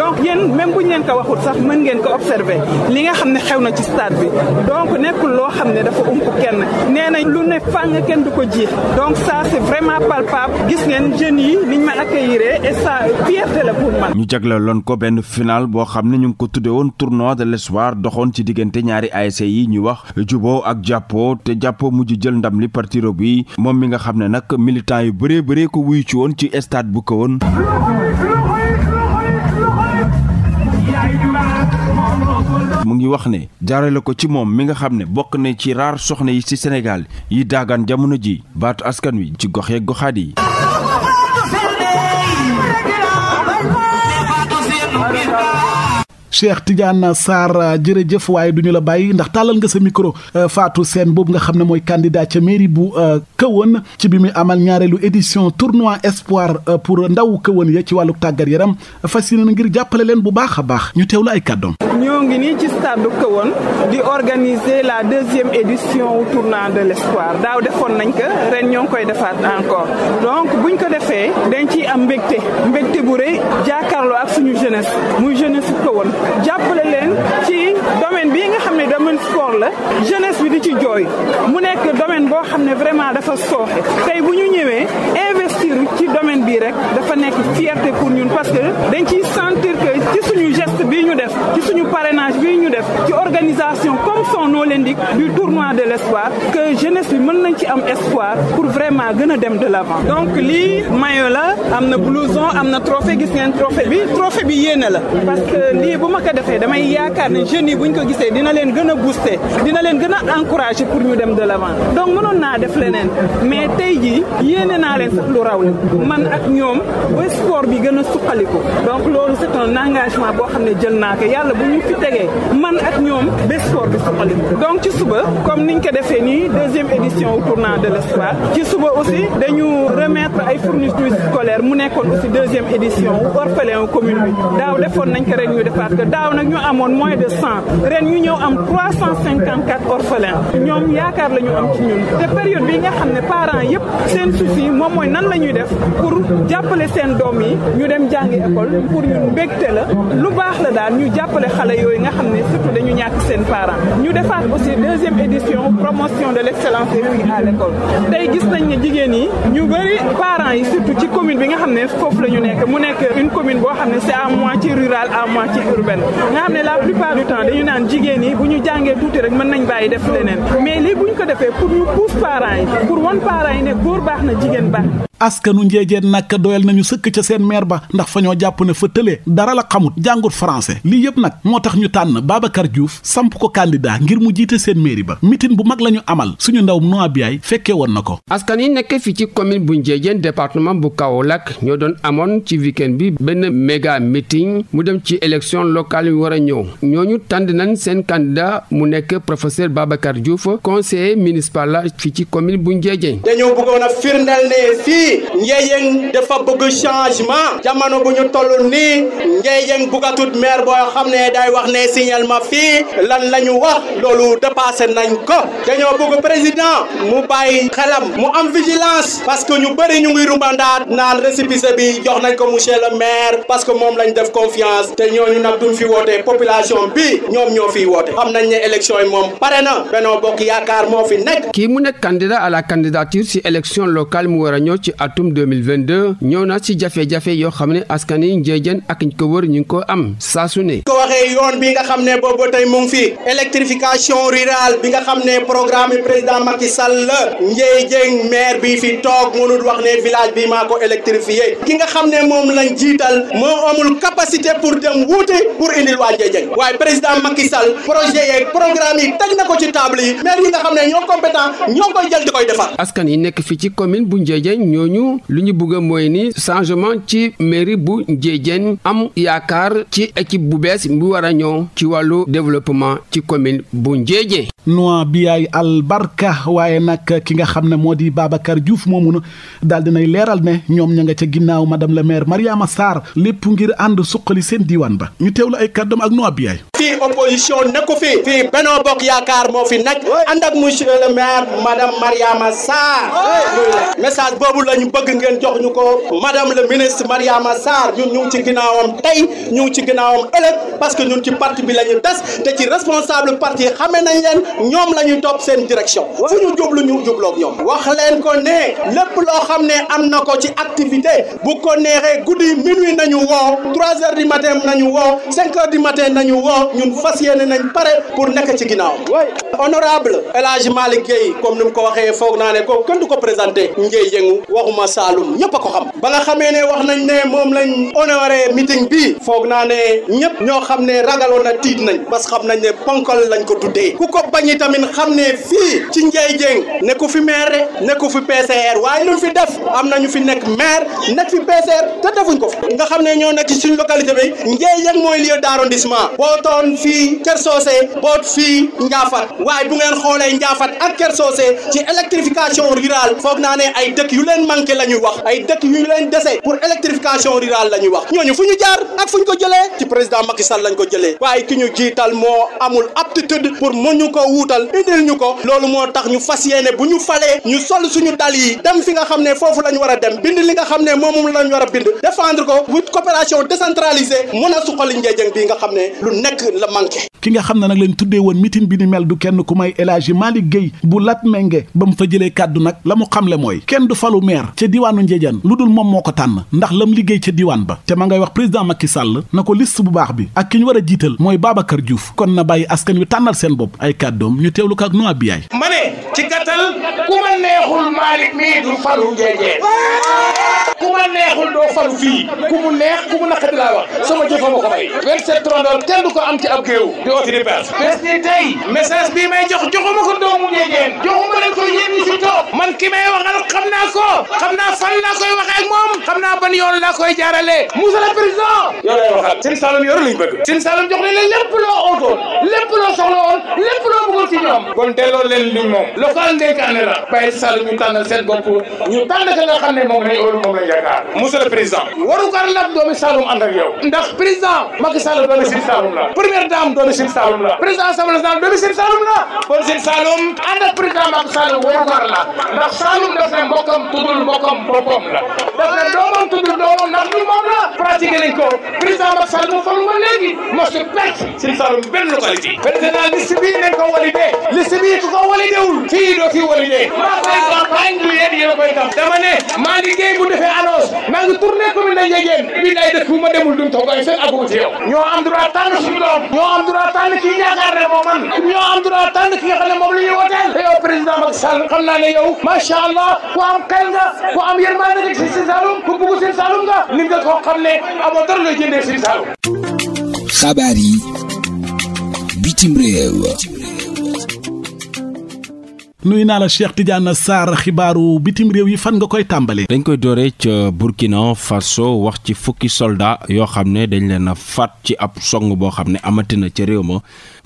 donc yéen même bu leen ko waxut sax mën ngeen ko observer li nga xam ne xew na ci stade bi donc nekkul loo xam ne dafa ump kenn nee lu ne fàng kenn du ko ji donc ça c'est vraiment palpable gis ngeen jeunes yi niñ ma accueillir et ça fierté la pour man. ñu ko benn final boo xam ne ñu ngi ko tuddee woon de l'espoir yi ñuy wax juboo ak jàppoo te jàppoo mujj jël ndam li parti bi moom mi nga xam ne nag militant yu bëree bëree ko wuyu ci woon ci stade bu ko woon mu ngi wax ne jaarale ko ci moom mi nga xam ne bokk na ci raar soxna yi ci senegal yi daagaan jamono ji baatu askan wi ci gox yeeg yi Cheikh Tidiane Sarr jërëjëf waaye duñu la bàyyi ndax tàllal nga sa micro euh, faatu seen boobu nga xam ne mooy candidat ca mairie bu euh, Kahone ci bi muy amal ñaareelu édition tournoi espoir euh, pour ndaw Kahone ya ci wàllu tàggat yaram fas yéene na ngir jàppale leen bu baax a baax ñu la ay kàddoom. ñoo ngi nii ci stade Kahone di organiser la deuxième édition tournoi de l'espoir daaw defoon nañ ko ren ñoo ngi koy defaat encore donc buñ ko defee dañ ciy am mbégte mbégte suñu jeunesse muy jeunesse jàppale leen ci domaine bi nga xam ne domaine sport la jeunesse bi di ci jooy mu nekk domaine boo xam ne vraiment dafa sooxe tey bu ñu ñëwee réussir ci domaine bii rek dafa nekk fierté pour ñun parce que dañ ciy sentir que ci suñu geste bii ñu def ci suñu parrainage bii ñu def ci organisation comme son nom l'indique du tournoi de l'espoir que jeunesse bi mën nañ ci am espoir pour vraiment gën a dem de l'avant donc lii maillot la am na blouson am na trophée gis ngeen trophée bi trophée bi yéene la parce que lii bu ma ko defee damay yaakaar ne jeunes yi buñ ko gisee dina leen gën a booster dina leen gën a encourager pour ñu dem de l'avant donc jaawle man ak ñoom ba sport bi gën suqaliku donc loolu c'est engagement boo xam ne jël naa ko yàlla bu ñu fi tegee man ak ñoom ba sport bi suqaliku donc ci suba comme niñ ko defee nii deuxième édition au tournant de l'espoir ci suba aussi dañu remettre ay fournitures scolaires mu nekkoon aussi deuxième édition orphelin commune bi daaw defoon nañ ko ren ñu defaat ko daaw nag ñu amoon moins de cent ren ñu ñëw am trois cent cinquante quatre orphelins ñoom yaakaar la ñu am ci ñun te période bi nga xam ñuy def pour jàppale seen doom yi ñu dem jàngi école pour ñun mbégte la lu baax la daal ñu jàppale xale yooyu nga xam ne surtout dañu ñàkk seen parents ñu defaat aussi deuxième édition promotion de l' excellence à l' tey gis nañ ne jigéen yi ñu bëri parents yi surtout ci commune bi nga xam ne foofu la ñu nekk mu nekk une commune boo xam ne c' est à moitié rurale à urbaine nga xam ne la plupart du dañu naan jigéen yi bu ñu jàngee tuuti rek mën askanu njeejeen nag doyal nañu sëkk ca seen maire ba ndax fa ñoo jàpp ne fa tëlee dara la xamut jàngut lii yëpp nag moo tax ñu tànn Babacar Diouf samp ko candidat ngir mu jiite seen mairie ba mitin bu mag la ñu amal suñu ndaw Noabiaye fekkee woon na ko askan yi nekk fii ci commune bu njeejeen département bu Kaolack ñoo doon amoon ci weekend bi benn méga meeting mu dem ci élection locale yu war a ñëw ñooñu tànn nañ seen candidat mu nekk professeur Babacar Diouf conseiller municipal la ci commune bu njeejeen Ngéyeen dafa bëgg changement jamono bu ñu toll nii Ngéyeen bëggatut maire boo xam ne day wax ne signal ma fii lan la ñu wax loolu dépassé nañ ko dañoo bëgg président mu bàyyi xelam mu am vigilance parce que ñu bari ñu ngi rumbandaat naan récépissé bi jox nañ ko monsieur le maire parce que moom lañ def confiance te ñu nag duñ fi woote population bi ñoom ñoo fiy woote xam nañ ne élection yi moom pare na Benno Bokk Yaakaar moo fi nekk. kii mu nekk candidat à la candidature si élection locale mu war a ñëw ci at atum 2022 ñëw na ci jafe-jafe yoo xam ne askan yi njeejeen ak ñu ko wër ñu ko am saa su ne ko waxee yoon bi nga xam ne boobu tey mu ngi fi électrification rurale bi nga xam ne programme président Macky Sall la njeejeen maire bi fi toog mënul wax ne village bi maa ko électrifié ki nga xam ne moom lañ jiital moo amul capacité pour dem wuute pour indil waa njeejeen waaye président Macky Sall projet yeeg programme yi teg na ko ci table yi maire yi nga xam ne ñoo compétent yi nekk fi ci commune bu njeejeen ñun lu ñu bëgg mooy ni changement ci mairie bu Ndiédiène am yaakaar ci équipe bu bees bi war a ñëw ci wàllu développement ci commune bu Ndiédiène. noa bi ay albarka waaye nag ki nga xam ne moo di Babacar Diouf moomu na daal dinay leeral ne ñoom ña nga ca ginnaaw madame la maire Mariama Sarr lépp ngir ànd suqali seen diiwaan ba ñu la ay kàddoom ak noa bi ay fii nekku fi fii Benno Bokk Yaakaar moo fi nekk ànd ak monsieur le madame Mariama Sarr ñu bëgg ngeen jox ñu ko madame le ministre Mariama Sarr ñun ñu ngi ci ginnaawam tey ñu ngi ci ginnaawam ëllëg parce que ñun ci part bi la ñu des te ci responsable parti yi xamee nañ leen ñoom la ñuy topp seen direction fu ñu jublu ñu jubloog ñoom wax leen ko ne lépp loo xam ne am na ko ci activité bu ko neexee guddi minuit nañu woo trois heures du matin nañu woo cinq heures du matin nañu woo ñun fas yéene nañ pare pour nekk ci ginnaawam honorable El Hadj Malick Gueye comme ni mu ko waxee foog naa ne ko kenn du ko présenté waxuma Saloum ñëpp a ko xam ba nga xamee ne wax nañ ne moom lañ honoré meeting bi foog naa ne ñëpp ñoo xam ne ragaloon na tiit nañ parce que xam nañ ne ponkal lañ ko tuddee ku ko bañi tamit xam ne fii ci Ndiaye Dieng nekku fi maire nekku fi PCR waaye lu fi def am na ñu fi nekk maire nekk fi PCR te defuñ ko fi nga xam ne ñoo nekk ci suñ localité bi Ndiaye Dieng mooy lieu d'arrondissement boo toon fii Kër Socé boot fii Ndiafat waaye bu ngeen xoolee Ndiafat ak Kër Socé ci électrification rurale foog naa ne ay dëkk yu leen manqué manqué la ñuy wax ay dëkk yu leen dese pour électrification rurale la ñuy wax ñooñu fu ñu jaar ak fu ñu ko jëlee ci président Macky Sall lañ ko jëlee waaye ki ñu jiital moo amul aptitude pour mu ñu ko wuutal indil ñu ko loolu moo tax ñu fas yéene bu ñu falee ñu sol suñu dal yi dem fi nga xam ne foofu lañ war a dem bind li nga xam ne moom lañ war a bind défendre ko wut coopération décentralisée mën a suqali njeejëng bi nga xam ne lu nekk la manqué. ki nga xam ne nag leen tuddee woon meeting bi ni mel du kenn ku may El Hadji Malick Guèye bu Latmingué ba mu jëlee kàddu nag la mu xamle mooy kenn du falu maire ca diwaanu Ndiédiène lu dul moom moo ko tànn ndax lam liggéey ca diwaan ba te ma ngay wax président Macky Sall na ko liste bu baax bi ak ki ñu war a jiital mooy Babacar Diouf kon na bàyyi askan wi tànnal seen bopp ay kàddoom ñu teewlu ko ak Noa Biaye ma ne ci gàttal ku ma neexul Malick mii du falu Ndiédiène ku ma neexul doo falu fii ku mu neex ku mu naqari laa wax sama jëfa ma ko may 27 trondoor kenn du ko am ci ab géew di oti di bes bés man ki may waxal xam xam naa fan laa koy waxee ak moom xam naa ban yoon laa koy jaarale monsieur le président yow lay waxal Sine Saloum yoru lañ bëgg Sine leen lépp loo ootoon lépp loo soxla woon lépp loo bëggoon ci ñoom kon delloo leen luñ moom la bàyyi Saloum ñu tànnal seen bopp ñu tànn ka nga xam ne moom lañ óolu moom lañ yaakaar monsieur le président waru gar lab doomi Saloum ànd ak yow ndax président Macky Sall doomi Sine Saloum la première dame doomi Sine président Assemblée nationale doomi Sine Saloum la kon Sine Saloum ànd président Macky Sall waru la ndax Saloum def na mbokkam tuddul boppam boppam la daf ne doomam tudd doomam ndax du moom la pratiqué nañ ko président Macky Sall mu falu ma léegi mosu perte si Saloum benn localité président liste bii nañ ko validé liste bii ku ko validéwul fii doo fi validé maa koy campagne du yéen yéen a koy def dama ne maa ngi géey bu defee annonce maa ngi tourné commune na Ndiédiène bi day dëkk bu ma demul duñ toog ay seen abu ci yow ñoo am droit tànn suñu doom ñoo am droit tànn kii yaakaar ne moo man ñoo am droit tànn ki nga xam ne moom la ñuy woteel te yow président Macky Sall xam naa ne yow macha allah ku am xel nga ku am yërmande rek si Sine ku bugg Sine nga ni nga ko xam ne amoo dara looy jëndee Sine xabaar yi bitim réew. xibaaru bitim réew yi fan nga koy tàmbalee. dañ koy dooree ca Burkina Faso wax ci fukki soldat yoo xam ne dañ leen a faat ci ab song boo xam ne amati na ca réew ma.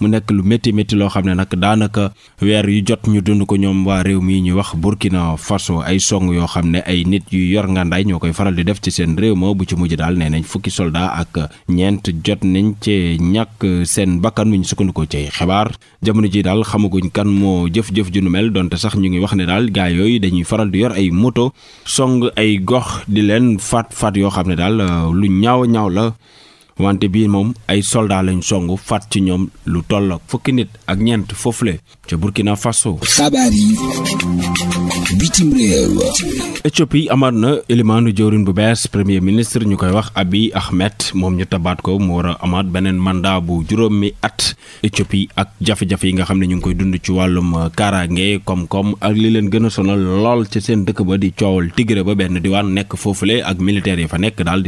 mu nekk lu métti métti loo xam ne nag daanaka weer yu jot ñu dund ko ñoom waa réew mii ñuy wax Burkina Faso ay song yoo xam ne ay nit yu yor ngàndaay ñoo koy faral di def ci seen réew ma bu ci mujj daal nee nañ fukki soldat ak ñeent jot nañ ci ñàkk seen bakkan mu ñu sukkandikoo ci xibaar jamono ji daal xamaguñ kan moo jëf-jëf ju nu mel donte sax ñu ngi wax ne daal gaa yooyu dañuy faral di yor ay moto song ay gox di leen faat faat yoo xam ne daal lu ñaaw ñaaw la wante bii moom ay soldat lañ song faat ci ñoom lu toll ak fukki nit ak ñeent foofule ca Burkina Faso. xabaar yi bitim réew. Éthiopie amaat na élimaanu jëwriñ bu bees premier ministre ñu koy wax Abiy Ahmed moom ñu tabaat ko mu war a amaat beneen mandat bu juróom mi at Éthiopie ak jafe-jafe yi nga xam ne ñu ngi koy dund ci wàllum kaaraange koom-koom ak li leen gën a sonal lool ci seen dëkk ba di coowal Tigré ba benn diwaan nekk foofule ak militaire yi fa nekk daal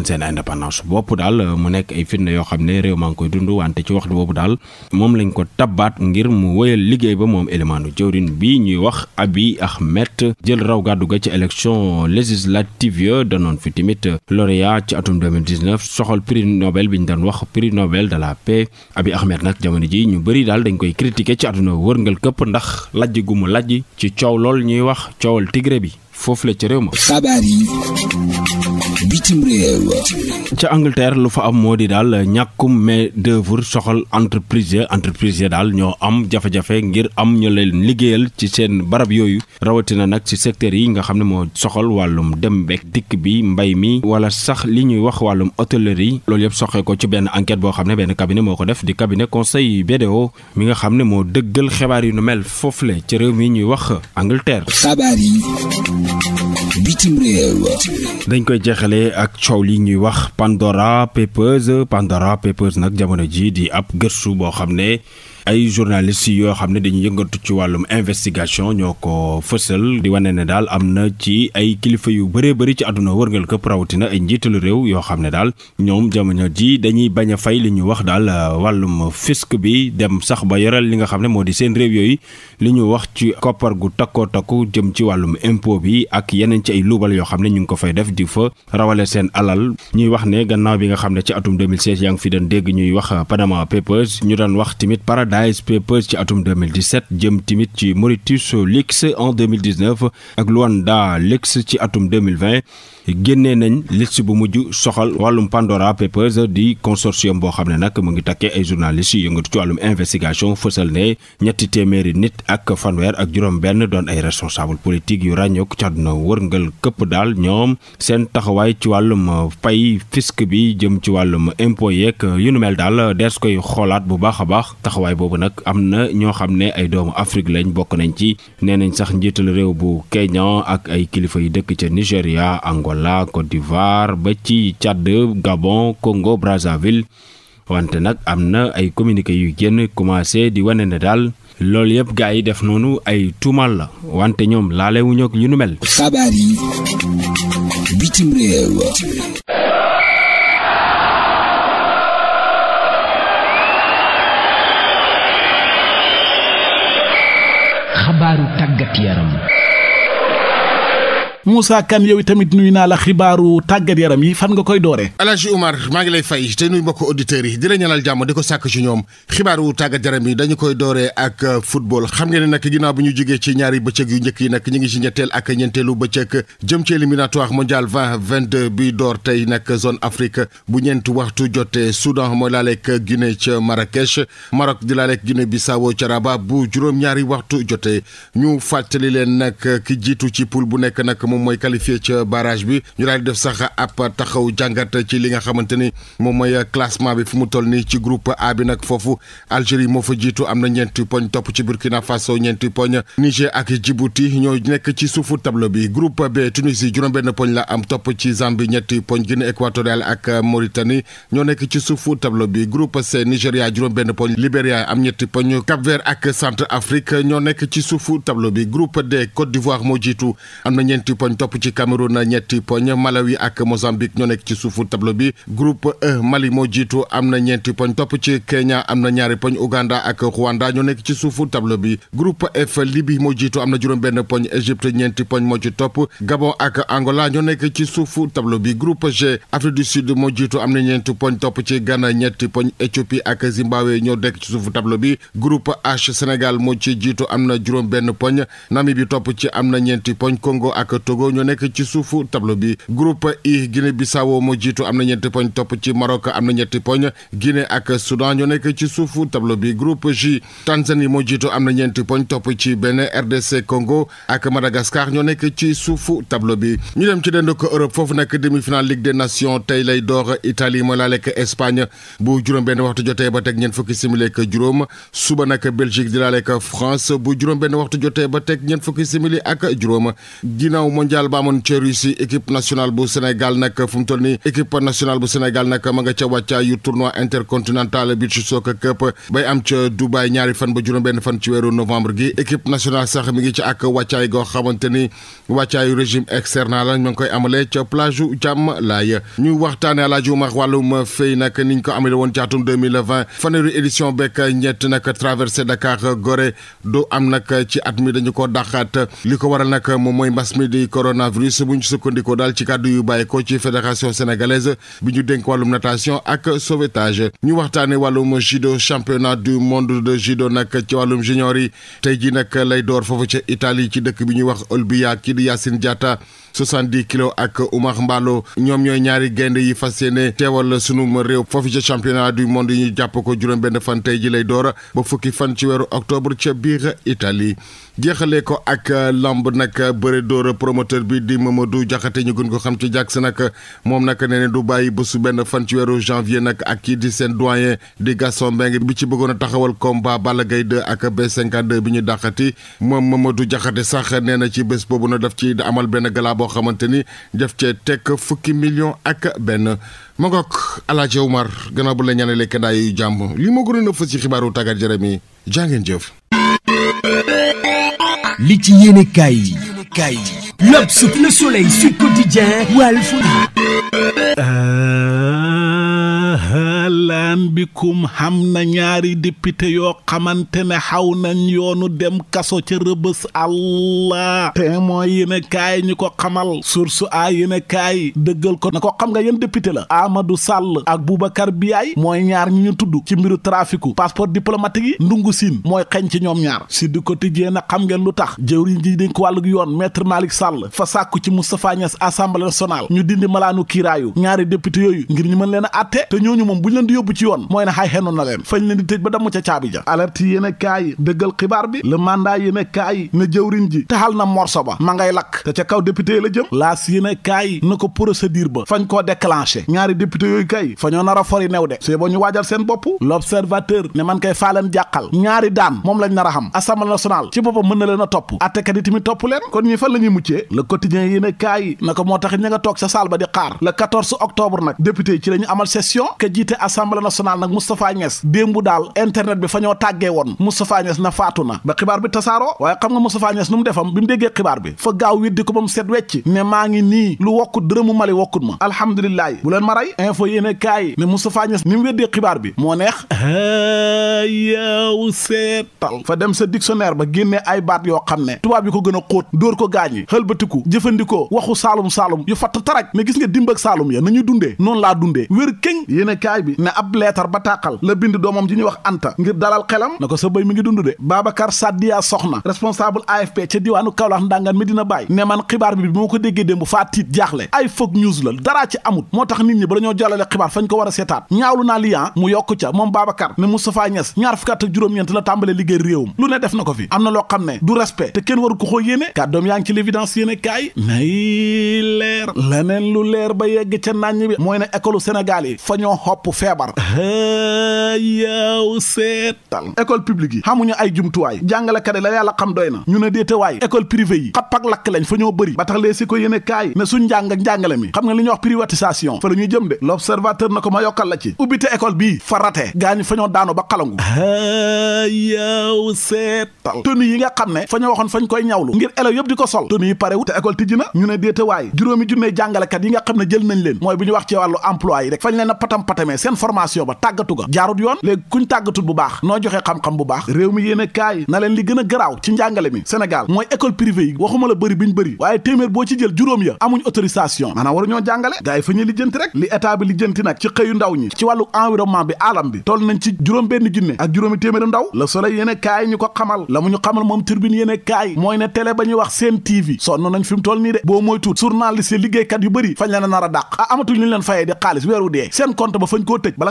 leen seen indépendance bopp daal euh, mu nekk ay fitna yoo xam ne réew maa ngi koy dund wante ci waxtu boobu daal moom lañ ko tabbaat ngir mu wëyal liggéey ba moom élimaanu jëwrin bi ñuy wax Abiy Ahmed jël raw gàddu ga ci élection législative ya danoon fi tamit lauréat ci atum 2019 soxal prix Nobel bi ñu daan wax prix Nobel de la paix Abiy Ahmed nag jamono ji ñu bëri daal dañ koy critiquer ci àdduna wërngal këpp ndax lajj gu mu lajj ci coow lool ñuy wax coowal Tigré bi foofu la ci réew ma. bitim réew ca Angleterre lu fa am moo di daal ñàkkum main d'œuvre soxal entreprise ya entreprise ya daal ñoo am jafe-jafe ngir am ñu leen liggéeyal ci seen barab yooyu rawatina nag ci secteur yi nga xam ne moo soxal wàllum dem beek dikk bi mbay mi wala sax li ñuy wax wàllum hôtellerie loolu yëpp soxee ko ci benn enquête boo xam ne benn cabinet moo ko def di cabinet conseil BDO mi nga xam ne moo dëggal xibaar yu nu mel foofu le ci réew mi ñuy wax Angleterre. xabaar yi tàmbalee ak coow lii ñuy wax Pandora Papers Pandora Papers nag jamono ji di ab gëstu boo xam ne ay journalistes yoo xam ne dañuy yëngatu ci wàllum investigation ñoo ko fësal di wane ne daal am na ci ay kilifa yu bëree bëri ci àdduna wërngal këpp rawatina ay njiitalu réew yoo xam ne daal ñoom jamono ji dañuy bañ a fay li ñu wax daal euh, wàllum fisc bi dem sax ba yoral li nga xam ne moo di seen réew yooyu li ñu wax ci koppar gu takkoo takku jëm ci wàllum impôt bi ak yeneen ci ay luubal yoo xam ne ñu ngi ko fay def di fa rawale seen alal ñuy wax ne gannaaw bi nga xam ne ci atum 2016 yaa ngi fi doon dégg euh, ñu doon Ice Papers ci atum 2017 jëm timit ci Mauritius Leaks en 2019 ak Luanda Leaks ci atum 2020 génnee nañ liste bu mujj soxal wàllum Pandora Papers di consortium boo xam ne nag mu ngi takkee ay journalistes yu yëngatu ci wàllum investigation fësal ne ñetti téeméeri nit ak fanweer ak juróom-benn doon ay responsable politique yu ràññeeku ci àdduna wërngal këpp daal ñoom seen taxawaay ci wàllum fay euh, fisc bi jëm ci wàllum impôt yeeg euh, yu nu mel daal dees koy xoolaat bu baax a baax taxawaay boobu nag am na ñoo xam ne ay doomu Afrique lañ bokk nañ ci nee nañ sax njiital réew bu Kenya ak ay kilifa yu dëkk Angola Côte d'Ivoire ba ci Tchad Gabon Congo Brazzaville wante nag am na ay communiqué yu génn commencé di wane ne daal loolu yëpp gars yi def noonu ay tuumal la wante ñoom laale wuñu ak yu nu mel. xabaar yi bitim réew. Moussa kan yow tamit nuyu naa la xibaaru tàggat yaram yi fan nga koy dooree. El Hadj Umar maa ngi lay fay te nuyu mbokku auditeurs yi di la ñaanal jàmm di ko sàkk ci ñoom xibaaru tàggat yaram yi dañu koy dooree ak euh, football xam ngeen ne nag ginnaaw bu ñu jógee ci ñaari bëccëg yu njëkk yi nag ñu ngi ci ñetteel ak ñeenteelu bëccëg jëm ci éliminatoire mondial 2022 bi door tey nag zone Afrique bu ñeenti waxtu jotee Soudan mooy laaleeg Guinée ca Marrakech Maroc di laaleeg Guinée Bissau ca Rabat bu juróom-ñaari waxtu jotee ñu fàttali leen nag ki jiitu ci poule bu nekk nag moom mooy qualifié ca barrage bi ñu daal def sax ab taxaw jàngat ci li nga xamante ni moom mooy classement bi fu mu toll nii ci groupe A bi nag foofu Algérie moo fa jiitu am na ñeenti poñ topp ci Burkina Faso ñeenti poñ Niger ak Djibouti ñoo nekk ci suufu tableau bi groupe B Tunisie juróom-benn poñ la am topp ci Zambie ñetti poñ Guinée équatoriale ak Mauritanie ñoo nekk ci suufu tableau bi groupe C Nigéria juróom-benn poñ Libéria am ñetti poñ Cap-Vert ak Centre ñoo nekk ci suufu tableau bi groupe D Côte d'Ivoire moo jiitu am na poñ topp ci Cameroun ñetti poñ Malawi ak Mozambique ñoo nekk ci suufu tableau bi groupe E Mali moo jiitu am na ñeenti poñ topp ci Kenya am na ñaari poñ Uganda ak Rwanda ñoo nekk ci suufu tablo bi groupe F Libye moo jiitu am na juróom-benn poñ Égypte ñeenti poñ moo ci topp Gabon ak Angola ñoo nekk ci suufu tablo bi groupe G Afrique du Sud moo jiitu am na ñeenti poñ topp ci Ghana ñetti poñ Éthiopie ak Zimbabwe ñoo nekk ci suufu tableau bi groupe H Sénégal moo ci jiitu am na juróom-benn poñ Namibie topp ci am na ñeenti poñ Congo Togo ñoo nekk ci suufu tableau bi groupe I Guinée Bissau moo jiitu am na ñeenti poñ topp ci Maroc am na ñetti poñ Guinée ak Soudan ñoo nekk ci suufu tableau bi groupe J Tanzanie moo jiitu am na ñeenti poñ topp ci Bénin RDC Congo ak Madagascar ñoo nekk ci suufu tableau bi ñu dem ci dendok Europe foofu nag demi-finale Ligue des Nations tey lay door Italie mooy laa lekk Espagne bu juróom-benn waxtu jotee ba teg ñeent fukki simili ak juróom suba nag Belgique di bu juróom-benn waxtu jotee ba teg ñeent fukki simili ak juróom ginnaaw mondial ba amoon ca Russie équipe nationale bu Sénégal nag fu mu toll nii équipe nationale bu Sénégal nag ma nga ca wàcca yu tournoi intercontinental beach soccer cup bay am ca Dubaï ñaari fan ba juróom-benn fan ci weeru novembre gi équipe nationale sax mi ngi ci ak wàccaay goo xamante ni wàccaayu régime externe la ñu ngi koy amalee ca plage u Jàmmalaay ñu waxtaane Alaaji Umar wàllum fay nag ni ñu ko amale woon ci atum 2020 faneeru édition bekk ñett nag traversé Dakar Gorée do am nag ci at mi dañu ko daxaat li ko waral nag moom mooy mbas mi di coronavirus bu ñu sukkandikoo daal ci kàddu yu bàyyi ko ci fédération sénégalaise bi ñu dénk wàllum natation ak sauvetage ñu waxtaane wàllum judo championnat du monde de judo nag ci wàllum junior yi tey ji nag lay door foofu ca Italie ci dëkk bi ñuy wax Olbia kii di Yacine Diatta 70 kilos ak Oumar Mballo ñoom ñooy ñaari gaynde yi fas yéene teewal sunu réew foofu ca championnat du monde yi ñu jàpp ko juróom-benn fan tey ji lay door ba fukki fan ci weeru octobre ca biir Italie. jeexalee ko ak lamb nag bëre dóor promoteur bi di du Diakhaté ñu gën ko xam ci Jax nag moom nag ne na du bàyyi bésu benn fan ci weeru janvier nag ak kii di seen doyen di Gaston Mbengue bi ci bëggoon a taxawal combat Balla Gaye 2 ak B52 bi ñu dàqati moom Mamadou Diakhaté sax nee na ci bés boobu na daf ci amal benn gala boo xamante ni def cee tekk fukki million ak benn ma ngoog Alaaji Umar gannaaw bu la ñaanalee kandaa yu jàmm li moo gënoon a fës ci xibaaru tàggat yaram jàngeen jëf li ci yéene kaay yi kaay yi L'Obs, Le Soleil, Sud Quotidien, Walf euh, naan bikum xam na ñaari député yoo xamante ne xaw nañ yoonu dem kaso ca rëbës allah te mooy yéen a kaay ñu ko xamal source a yéen a kaay dëggal ko na ko xam nga yéen député la Amadou Sall ak bi Biaye mooy ñaar ñu ñu tudd ci mbiru traficu passeport diplomatique yi ndungu siin mooy xeñ ci ñoom ñaar si du quotidien na xam ngeen lu tax jëwriñ ji dénk wàllu yoon maître Malick Sall fa sàkku ci Moustapha Niass assemblée nationale ñu dindi malaanu kiiraayu ñaari ngir ci yoon mooy ne xay xenoon na leen fañ leen di tëj ba damu ca caabi ja alerte yéen a dëggal xibaar bi le mandat yéen a kaay na jëwriñ ji taxal na morso ba ma ngay lakk te ca kaw député la jëm laas yéen a kaay na ko procédure ba fañ koo déclenché ñaari député yooyu kay fa ñoo nar a fori new de c'est ba ñu waajal seen bopp l'observateur ne man kay faaleen jàqal ñaari daan moom lañ nar a xam assemblée nationale ci boppam mën na leen a topp attekat yi tamit topp a national nag Moustapha Niass démbu daal internet bi woon Moustapha Niass na faatu na ba xibaar bi tasaaroo waaye xam nga Moustapha Niass nu mu defam bi mu déggee xibaar bi fa gaaw weddi ko ba mu set wecc ne maa ngi nii lu wokkut dërëmu Mali wokkut ma alhamdulilahi bu leen ma rey info yéene kaay ne Moustapha Niass ni mu weddee xibaar bi moo neex yaw seetal fa dem sa dictionnaire ba génnee ay baat yoo xam ne tubaab yi ko gën a xóot dóor ko gaañi xëlbatiku jëfandikoo waxu saalum saalum yu fatt taraj mais gis nga dimb saalum ya nañu dundee noonu laa dundee wér kéñ yéene kaay bi ne ab leetar ba tàqal la bind doomam ji ñuy wax Anta ngir dalal xelam na ko sa béy mi ngi dund de Babacar Saddiya Soxna responsable AFP ca diwaanu Kaolack ndangaan Medina Baye ne man xibaar bi bi moo ko déggee démb faa tiit jaaxle ay fake news la daraa ci amut moo tax nit ñi ba lañoo jàllale xibaar fañ ko war a seetaat ñaawlu naa liyan mu yokk ca moom Babacar ne Moustapha Niass ñaar fukk ak juróom ñent la tàmbalee liggéey réewum lu ne def na ko fi am na xam ne du respect te kenn waru ko xoo yéene kàddoom yaa ngi ci l'évidence yéene kaay nay leer leneen lu leer ba yegg ca naññ bi mooy ne école Sénégal yi fa ñoo xopp feebar yaaw seetal école publique yi xamuñu ay jumtuwaay jàngalekat yi la xam doy na ñu ne déetawaay école privée yi xapp ak lakk lañ fa ñoo bëri ba tax lee si ko yéene kaay ne suñ njàngale mi xam nga li ñuy wax privatisation fa la ñuy jëm de l' observateur na ko ma yokkal la ci ubbite école bii fa rate gaañ fa ñoo daanu ba xalangu yaaw seetal tenu yi nga xam ne fa ñoo waxoon fañ koy ñawlu ngir élèves yëpp di ko sol tenu yi parewu te école tijji na ñu ne déetawaay juróomi junne jàngalekat ñu wax ci wàllu emploi yi seen formation formation ba tàggatu ga jaarut yoon léegi kuñ tàggatut bu baax noo joxee xam-xam bu baax réew mi yéen a kaay na leen li gën a garaaw ci njàngale mi Sénégal mooy école privée yi waxuma la bëri biñ bëri waaye téeméer boo ci jël juróom ya amuñ autorisation maanaam waru ñoo jàngale gars yi fa ñu lijjanti rek li état bi lijjanti nag ci xëyu ndaw ñi ci wàllu environnement bi alam bi toll nañ ci juróom benn junne ak juróomi téeméeri ndaw la Soleil yéen a kaay ñu ko xamal mu ñu xamal moom Tribune yéen a kaay mooy ne télé ba ñuy wax seen fi mu toll nii de boo mooy tuut journaliste liggéeykat yu bëri fañ a a dàq ah leen fayee di xaalis weeru dee seen compte ba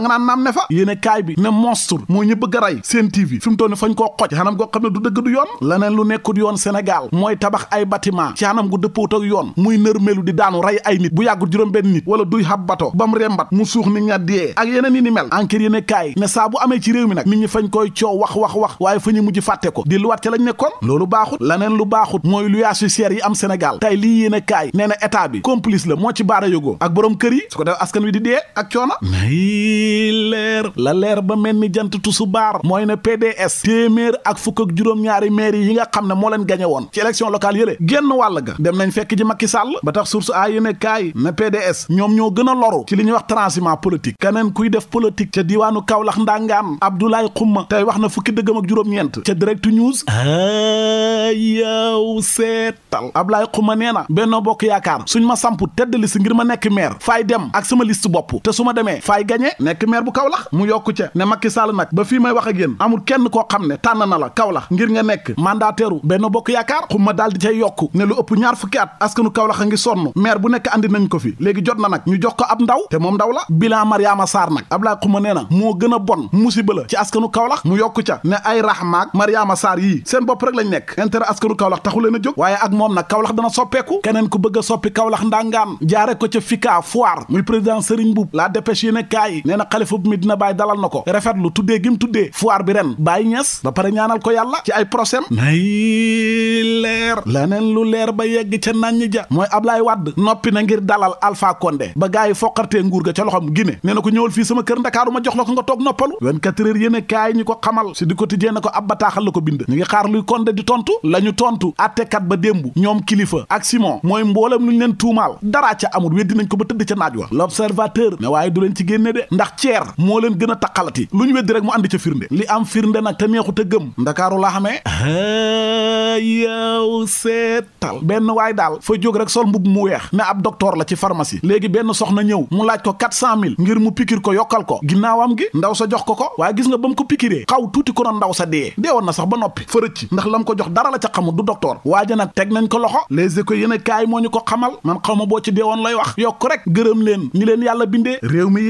naan naam ne fa yéen kaay bi ne monstre moo ñu bëgg a rey seen TV fi mu toll ni fañ koo xoj xanam goo xam ne du dëgg du yoon leneen lu nekkut yoon Sénégal mooy tabax ay bâtiment ci xanam gu dëppoot yoon muy nërmeelu di daanu rey ay nit bu yàggul juróom benn nit wala duy xab bato bam rembat mu suux nit ña dee ak yeneen yi ni mel enquête yéen kaay ne saa bu amee ci réew mi nag nit ñi fañ koy coow wax wax wax waaye fa ñu mujj fàtte ko di luwaat ca lañ nekkoon loolu baaxut leneen lu baaxut mooy luyaas yu yi am Sénégal tey lii yéen kaay nee na état bi complice la moo ci baara yógoo ak borom kër yi su ko def askan dee ak coono day leer la leer ba mel ni jant tusu baar mooy ne PDS téeméer ak fukk ak juróom-ñaari meer yi nga xam ne moo leen gañe woon ci élection locale yële génn wàll ga dem nañ fekk ji Macky sàll ba tax source a yéene kaay na PDS ñoom ñoo gën a loru ci li ñuy wax transiment politique keneen kuy def politique ca diiwaanu Kaolack ndangaan Abdoulaye Xumma tey wax na fukki dëggam ak juróom-ñeent ca Direct News yow seetal Ablaye Xuma nee na Benno Bokk Yaakaar suñ ma samp tedd ngir ma nekk maire maire bu Kaolack mu yokku ca ne Macky Sall nag ba fii may wax ak yéen amul kenn koo xam ne tànn na la Kaolack ngir nga nekk mandataire u Benno Bokk Yaakaar xumma daal di cay yokku ne lu ëpp ñaar fukki at askanu Kaolack a ngi sonn maire bu nekk andi nañ ko fi léegi jot na nag ñu jox ko ab ndaw te moom ndaw la bilan Mariama Sarr nag Ablaye Xuma nee na moo gën a bon musiba la ci askanu Kaolack mu yokk ca ne ay raxmaak Mariama Sarr yii seen bopp rek lañu nekk intérêt askanu Kaolack taxu leen a jóg waaye ak moom nag Kaolack dana soppeeku keneen ku bëgg soppi Kaolack ndangaan jaare ko ca fika foire muy président Serigne Boub la dépêche yéene kaay xalifa bu Medina Baay dalal na ko rafetlu tuddee gim ba pare ñaanal ko yàlla ja mooy Ablaay Wàdd noppi na ngir dalal Alpha Condé ba gars yi ga ca loxom Guinée nee na ko ñëwal fii sama kër Ndakaaru ma jox la ko nga toog noppalu 24 heures yéen kaay ñi ko xamal si di quotidien na ko ab bataaxal la ko bind ngi xaar luy Condé di tontu la tontu attekat ba démb ñoom kilifa ak Simon mooy mboolam lu ñu leen tuumaal daraa ca amul weddi nañ ko ba tëdd ca naaj wa l'observateur ne waaye du leen ci génne de ndax cher moo leen gën a taqalati lu ñu weddi rek mu andi ca firnde li am firnde nag te neexu te gëm ndakaaru laa xamee yow seetal benn waay daal fa jóg rek sol mbubb mu weex ne ab docteur la ci pharmacie léegi benn soxna ñëw mu laaj ko quatre cent mille ngir mu pikir ko yokkal ko ginnaawam gi ndaw sa jox ko ko waaye gis nga ba mu ko pikiree xaw tuuti ko na ndaw sa dee deewoon na sax ba noppi fërëcc ndax lam ko jox dara la ca xamul du docteur waaja nag teg nañ ko loxo les éco yéen kaay moo ñu ko xamal man xaw ma boo ci deewoon lay wax yokk rek gërëm leen ñi leen yàlla bindee réew mi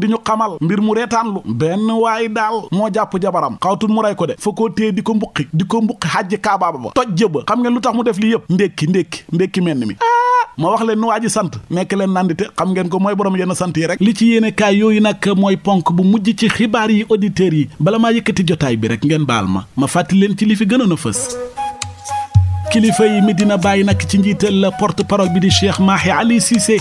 di ñu xamal mbir mu reetaan lu benn waay daal moo jàpp jabaram xawtun mu rey ko de fa koo di ko mbuqi di ko mbuqi xajji kaabaaba ba toj jëba xam ngeen lu tax mu def li yëpp ndékki ndékki ndékki mel ni mi ah! ma wax leen nu waa ji sant nekk leen nandite xam ngeen ko mooy borom yenn sant yi rek li ci yéene kaay yooyu nag mooy ponk bu mujj ci xibaar yi auditeurs yi bala maa yëkkati jotaay bi rek ngeen baal ma ma fàttali leen ci li fi gënoon a fës kilifa yi Medina Baye nag ci njiital porte parole bi di Cheikh Mahi Ali Cissé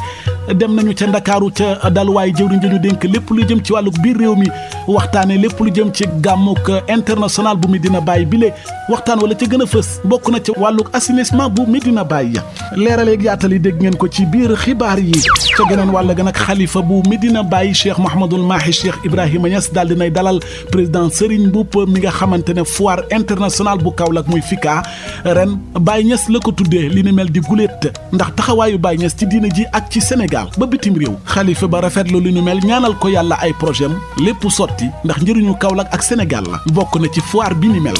dem nañu ca Ndakaaru ca dalwaay jëwriñ ji ñu dénk lépp lu jëm ci wàllu biir réew mi waxtaanee lépp lu jëm ci gàmmuk international bu bàyyi bi bile waxtaan wala ca gën a fës bokk na ca wàlluk assainissement bu Medina Baye ya leeraleeg yaatal yi dégg ngeen ko ci biir xibaar yi ca geneen wàll ga nag xalifa bu Medina Baye Cheikh Mouhamadul Mahi Cheikh Ibrahima Niass daal dinay dalal président Serigne Mboup mi nga xamante ne foire internationale bu Kaolack muy FICA ren bàyyi ñas la ko tuddee li nu mel di guléet ndax taxawaayu Baye Niass ci diina ji ak ci Sénégal ba bitim réew xalifa ba rafetlu li nu mel ñaanal ko yàlla ay projet am lépp sot yëkkati ndax njëriñu Kaolack ak Sénégal la bokk na ci foire bi ni mel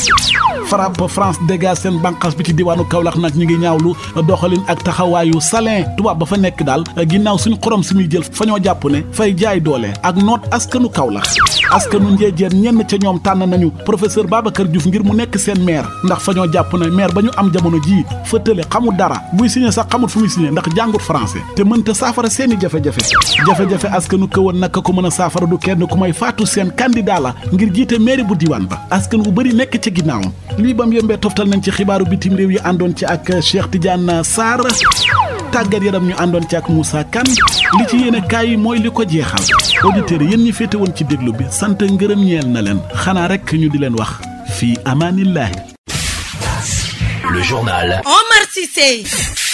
FRAPP France Dégage seen bànqaas bi ci diwaanu Kaolack nag ñu ngi ñaawlu doxalin ak taxawaayu salin tubaab ba fa nekk daal ginnaaw suñu xorom si muy jël fañoo ñoo jàpp ne fay jaay doole ak noot askanu Kaolack askanu njeejeen ñenn ca ñoom tànn nañu professeur Babacar Diouf ngir mu nekk seen maire ndax fañoo ñoo jàpp ne maire ba ñu am jamono ji fëttale xamul dara buy signé sax xamul fu muy signé ndax jàngut français te mënta saafara seeni jafe-jafe a saafara du Diagne candidat la ngir jiite mairie bu diwaan ba askan wu bëri nekk ci ginnaaw lii bam yëmbee toftal nañ ci xibaaru bitim réew yi àndoon ci ak Cheikh Tidiane Sarr tàggat yaram ñu àndoon ci ak Moussa Kane li ci yéene kaay yi mooy li ko jeexal auditeurs yéen ñi féete woon ci déglu bi sant ngërëm ñeel na leen xanaa rek ñu di leen wax fii amaanillaahi le journal Omar Cissé